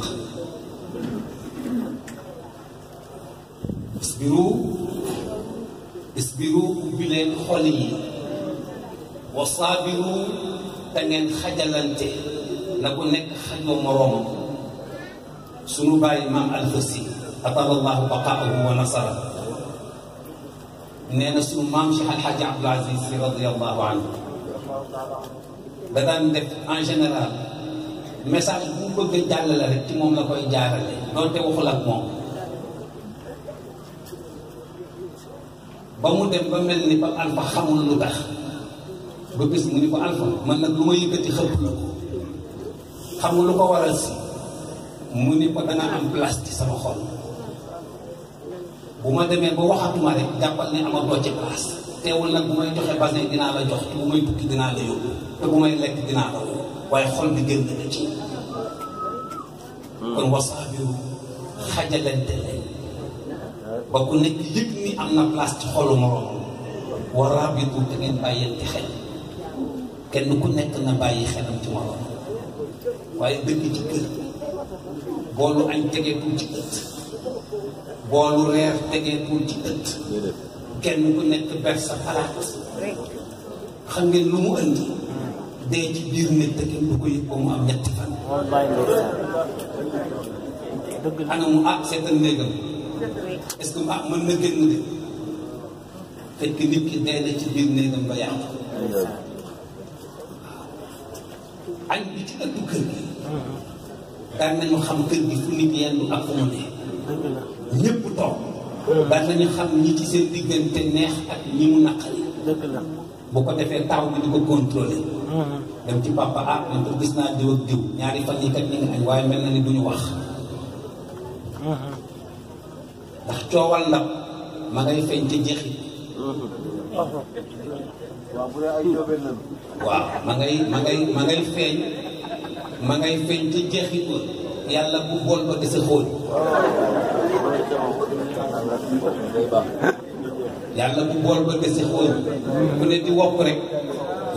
isbiru isbiru ubbi leen xol yi wa saabiru te ngeen xajalante la ko nekk xajoo moroomam sunu bàyyi maam alxasi atalallahu baqaahu wa nasara nee na sunu maam Cheikh Alxaaji Abdul Aziz si radiallahu anhu da daan def en général message bu bëgg a jàllale rek ci moom la koy jaarale doonte waxul ak moom ba mu dem ba mel ni ba alfa xamul lu tax ba bis mu ni ko alfa man nag lu ma yëkkati xëpp la ko xam nga lu ko waral si mu ni ko danga am place ci sama xol bu ma demee ba waxatuma rek jàppal ne amatoo ci place teewul nag bu may joxe basin dinaa la jox te bu may tukki dinaa la yóbbu te bu may lekk dinaa la waaye xol bi génn na ci kon wasaab yu xajalante leen ba ku nekk yëg ni am na place ci xolu moroom war a rabitu te ngeen bàyyante xel kenn ku nekk na bàyyi xelam ci moroom waaye dëgg ci kër boolu añ tegeekul ci ëtt boolu reer tegeekul ci ëtt kenn ku nekk ber sa palaat xam nga lu mu andi dee ci biir nit te kenn du ko yëg am ñetti fan ana mu ah seetal néegam est-ce ah mën na génn de fekk nit ki dee na ci biir néegam ba yàqu añ bi ci ëttu kër gi daan nañu xam kër gi fu nit yendu ak fu mu ne ñépp toog daan nañu xam ñi ci seen diggante neex ak ñi mu naqari bu ko defee taw bi di ko contrôler dem ci papa ah man ko gis naa diw ak diw yi waaye mel na duñu wax ndax coowal ndab ma ma ngay ma ngay ma ngay feeñ ma ngay feeñ te jeexi ko yàlla bu bool ba di sa xóol bu bool ba di ku ne di wopp rek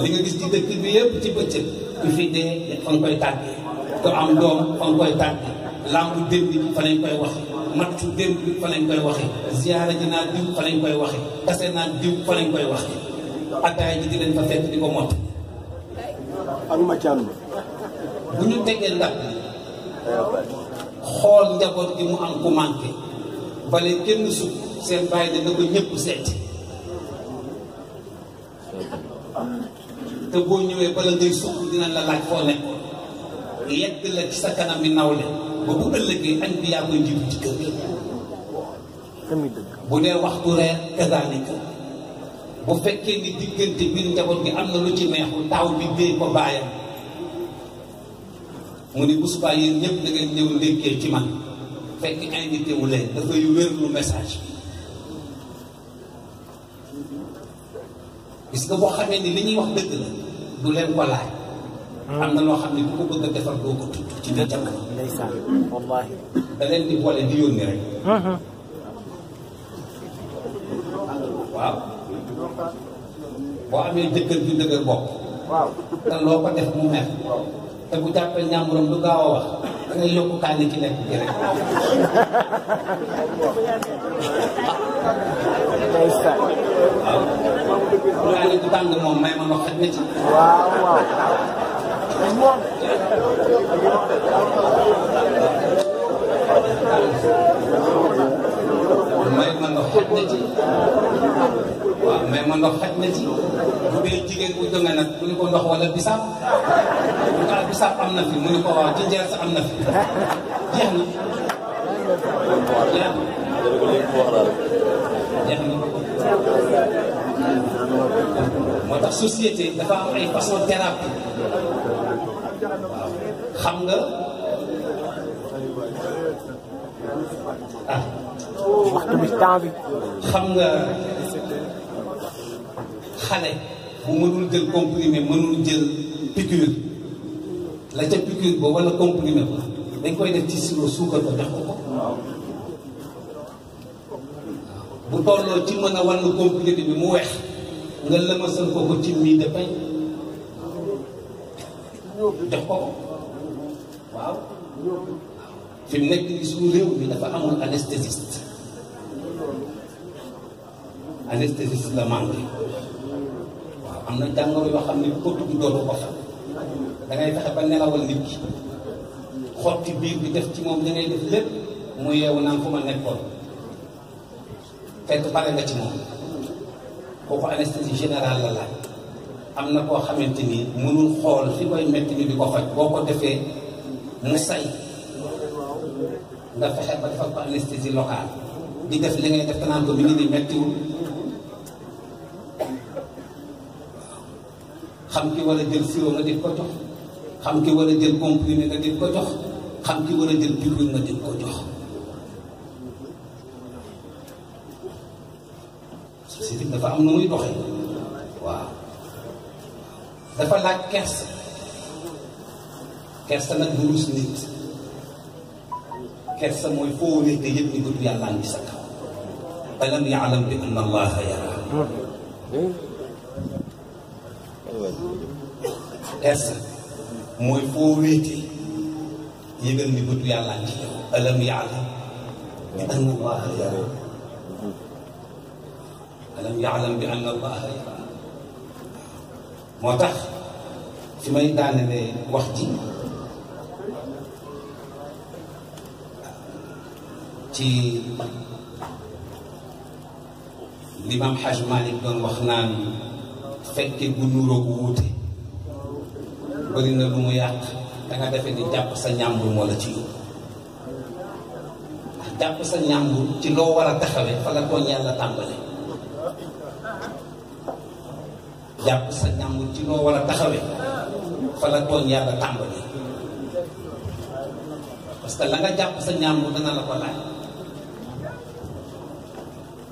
li nga gis ci dëkk bi yëpp ci bëccëg ku fi dee fa nga koy tàggee ku am doom fa nga koy tàggee làmbu démb bi fa lañ koy waxe matt démb bi fa lañ koy waxe ziyaara ji naa diw fa lañ koy waxe tase naa diw fa lañ koy waxe ataay ji di leen fa fekk di ko mott bu ñu tegee ndab li xool njaboot gi mu am ku manqué bale kenn sut seen bàyyi dana ko ñëpp seeti te boo ñëwee bala ngay sukk dinañ la laaj foo nekk yedd la ci sa kanam bi nawle ba bu ëllëgee añ bi yaa koy jiitu ci kër bu dee waxtu reer kazaalika bu fekkee ni diggante biir njaboot gi am na lu ci neexul taaw bi dee ko bàyyam mu ni bu subaa yéen ñëpp da ngeen ñëw ci man fekk ay wu leen dafay wér lu nga boo xamee ni li wax dëgg la du leen ko laaj hmm. am na loo xam ne bu ko bëgg a defar doo ko tudd ci biir jamono ndeysaan wallaahi da leen di boole di hmm. waaw boo amee jëkkër ju dëgër bopp te loo ko def mu mer te bu jàppee ñàmburam du gaaw a wax da ngay yokk kànni ci lekk gi rek ndeysaan waaw ñaa ne du tàng moom may waaw mais man ndox xaj na ci bu dee jigéen bu jógee nag ko ndox wala bisaab bu tax bisaab am na fi mu ne ko waaw am na fi jeex na. jeex na. moo tax société dafa am ay façon thérapie waaw xam nga ah. waxtu bi temps bi. xam nga. xale bu mënul jël comprimé mënul jël piqûre la ca piqûre ba wala comprimé ba dañ koy def ci sirop suukar ko jox ko ko bu tolloo ci mën a wàllu bi mu weex nga lëmasal ko ko nii de pay ko ko waaw nekk ni suñu réew mi dafa amul anesthésiste anesthésiste la manqué am na jàngoro yoo xam ne ku ko dugg doo ko xam da fexe ba nelawal nit ki xotti biir bi def ci moom da ngay def lépp mu yeewu naan fu ma nekkoon fekk pare nga ci moom kooku anesthésie générale la laaj am na koo xamante ni mënul xool si koy métti ni di ko xoj boo ko defee mu say nga fexe ba defal ko anesthésie locale di def li ngay def te naan ngi ni méttiwul xam ki war a jël sirop nga di ko jox xam ki war a jël comprimé nga di ko jox xam ki war a jël pilule dafa am na muy doxee waaw dafa laaj kersa kersa nag du rus nit kersa mooy foo wéree te yëpp ni bëtu yàllaa ngi sa kaw alam yaalam bi anna allaha yara essa mooy foo wéeti yëgal ni bëtu yàlla ci yow alam alam yaalam bi ann allaha yara moo tax fi may daanele wax ji ci limaam xaj Malik doon wax fekke bu nuuroo bu wuute bëri na lu mu yàq danga defe ni jàpp sa ñàmbur moo la ci yóbbu jàpp sa ñàmbur ci loo war a taxawee fa la tooñ yàlla tàmbale jàpp sa ñàmbur ci loo war a taxawee fa la tooñ yàlla tàmbale parce que la nga jàpp sa ñàmbur dana la ko laaj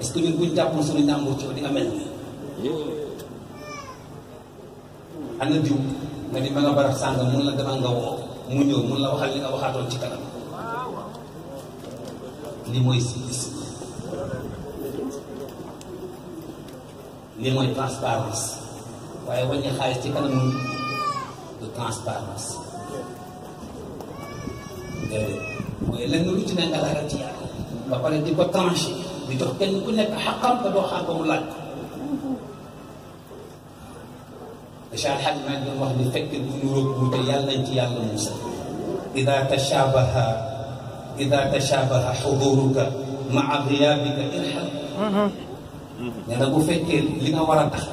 est bu ñu jàppoon suñu ñàmbur ci di nga mel ni ana diw nga ni ma nga barab sàng mun la demal nga woo mu ñëw mun la waxal li nga waxaatoon ci kanam li mooy service li mooy transparence waaye wàññi xaalis ci kanam du transparence mooy lenn lu ci ne nga ragal ci yàlla ba pare di ko tranché nga jox kenn ku nekk xaqam te doo xaar ba mu laaj ko Cheikh Al Hadj Malick wax ni fekk bu ñu rëbb yàlla nañ ci yàlla Moussa ida tashabaha ida tashabaha xuduruka maa nee na bu fekkee li nga war a tax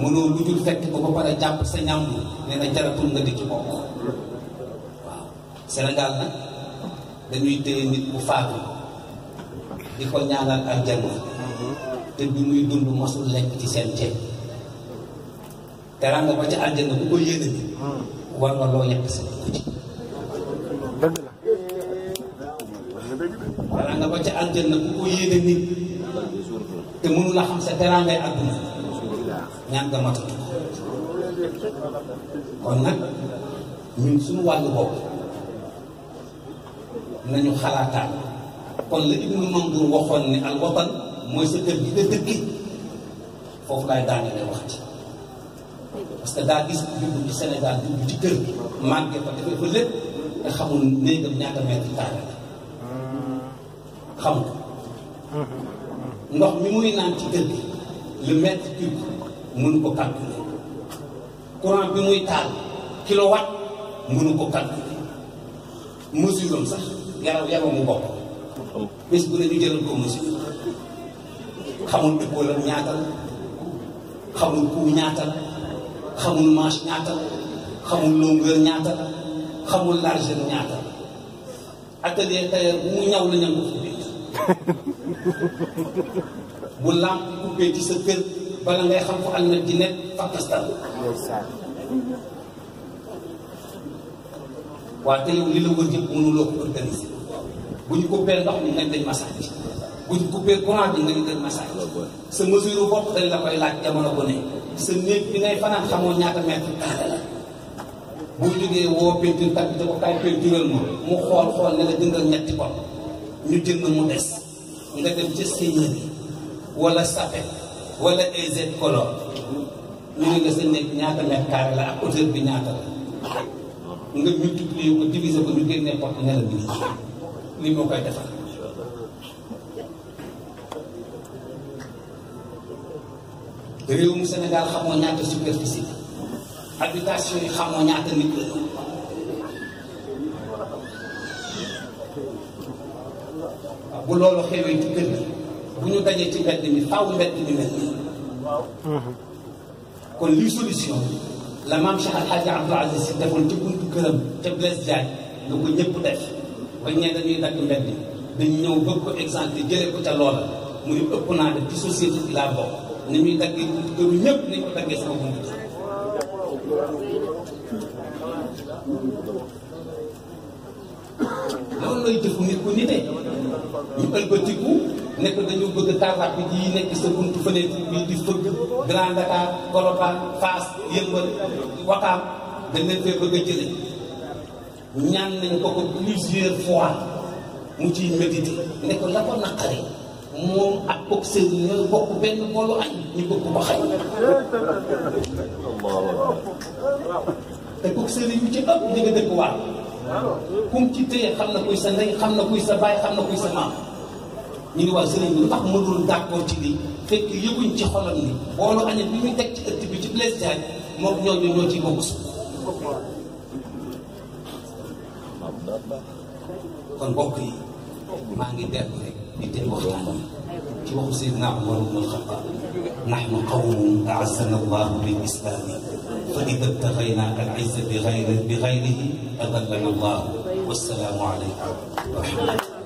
mënoo lu dul fekk ko ba pare jàpp sa ñàmbu nee na jaratul nga di ci bokk waaw Sénégal nag bu faatu di ko ñaanal aljanna te bi muy dund mosul lekk ci seen ceeb teranga ba ci ko yéene bi war nga ko yéene nit te mënu la xam sa terangay àdduna ñaan nga matatu kon nag ñun suñu wàllu bopp nañu xalaataan kon la Ibnu Mandur waxoon ni al mooy sa kër gi nga dëkki foofu laay daanale waxti parce que daa gis dugg ci Sénégal dugg ci kër gi màgge fa defee fa lépp nga xamul néegam ñaata mètre carré la xam ndox mi muy naan ci kër gi le mètre cube mënu ko calculer courant bi muy taal kilowatt mënu ko calculer mesuram sax yaraw yaraw mu bopp bés bu ne jëlal ko musi xamul école ñaata la xamul coût ñaata la xamul manche ñaata la xamul longueur ñaata la xamul largeur ñaata la atelier tailleur mu ñaw la ñan ko fubbee bu làmp fubbee ci sa kër bala ngay xam fu almet di nekk Pakistan yow li la wër yëpp mënuloo ko organiser bu ñu coupé ndox mi nga dañ massage bu ñu coupé courant bi nga ñu dañ massage sa mesure bopp dañ la koy laaj jamono bu ne sa néeg bi ngay fanaan xamoo ñaata mètre carré la boo jógee woo peinture kat bi da ko kaay peintural ma mu xool la nga wala sape wala EZ ñu ne ko diviser ko ñu génnee porte ne la bi lii moo koy defar réew mu Sénégal xamoo ñaata superficie habitation yi xamoo ñaata nit bu loolu xewee ci kër gi bu ñu dajee ci mbedd mi faaw mbedd mi mel nii kon lii solution la maam Cheikh Alhaji Abdou Aziz Si defoon ci buntu këram ca Blaise Diagne lu ko ñëpp def ba ñee dañuy dagg mbedd dañ ñëw bëgg ko exempté jëlee ko ca loola mu ne ëpp naa def ci société bi laa ñuy daggee këru ñëpp ni ñu ñu ëlbatiku ne dañu bëgg tarlaat bi di nekk sa buntu fenêtre bi di fëgg Grand Dakar Colobane Fass Yëmbal Wakaam dañ leen bëgg a jëlee ñaan nañ ko ko plusieurs fois mu ciy méditer ne ko la ko naqari moom ak kooku sëriñ ñooy bokk benn boolu añ ñu bëgg ko xañ te kooku sëriñ ñu ci ëpp ñu nga dëkk waar kum ci téye xam na kuy sa ndey xam na kuy sa baay xam na kuy sa maam ñu ngi waa sëriñ bi ndax mënul d'accord ci lii fekk yëguñ ci xolam ni boolu aña bi ñu teg ci ëtt bi ci Blaise Diagne moom ñooñu ñoo ciy bokk su kon mbokk yi maa ngi dellu rek di tëj waxtaan bi ci waxu Seydina Umar ibn al-Khattab nahnu qawmun a'azzana Allahu bil islam fa idha ibtaghayna al-'izza bi ghayrihi adallana Allah wa assalamu alaykum wa rahmatullah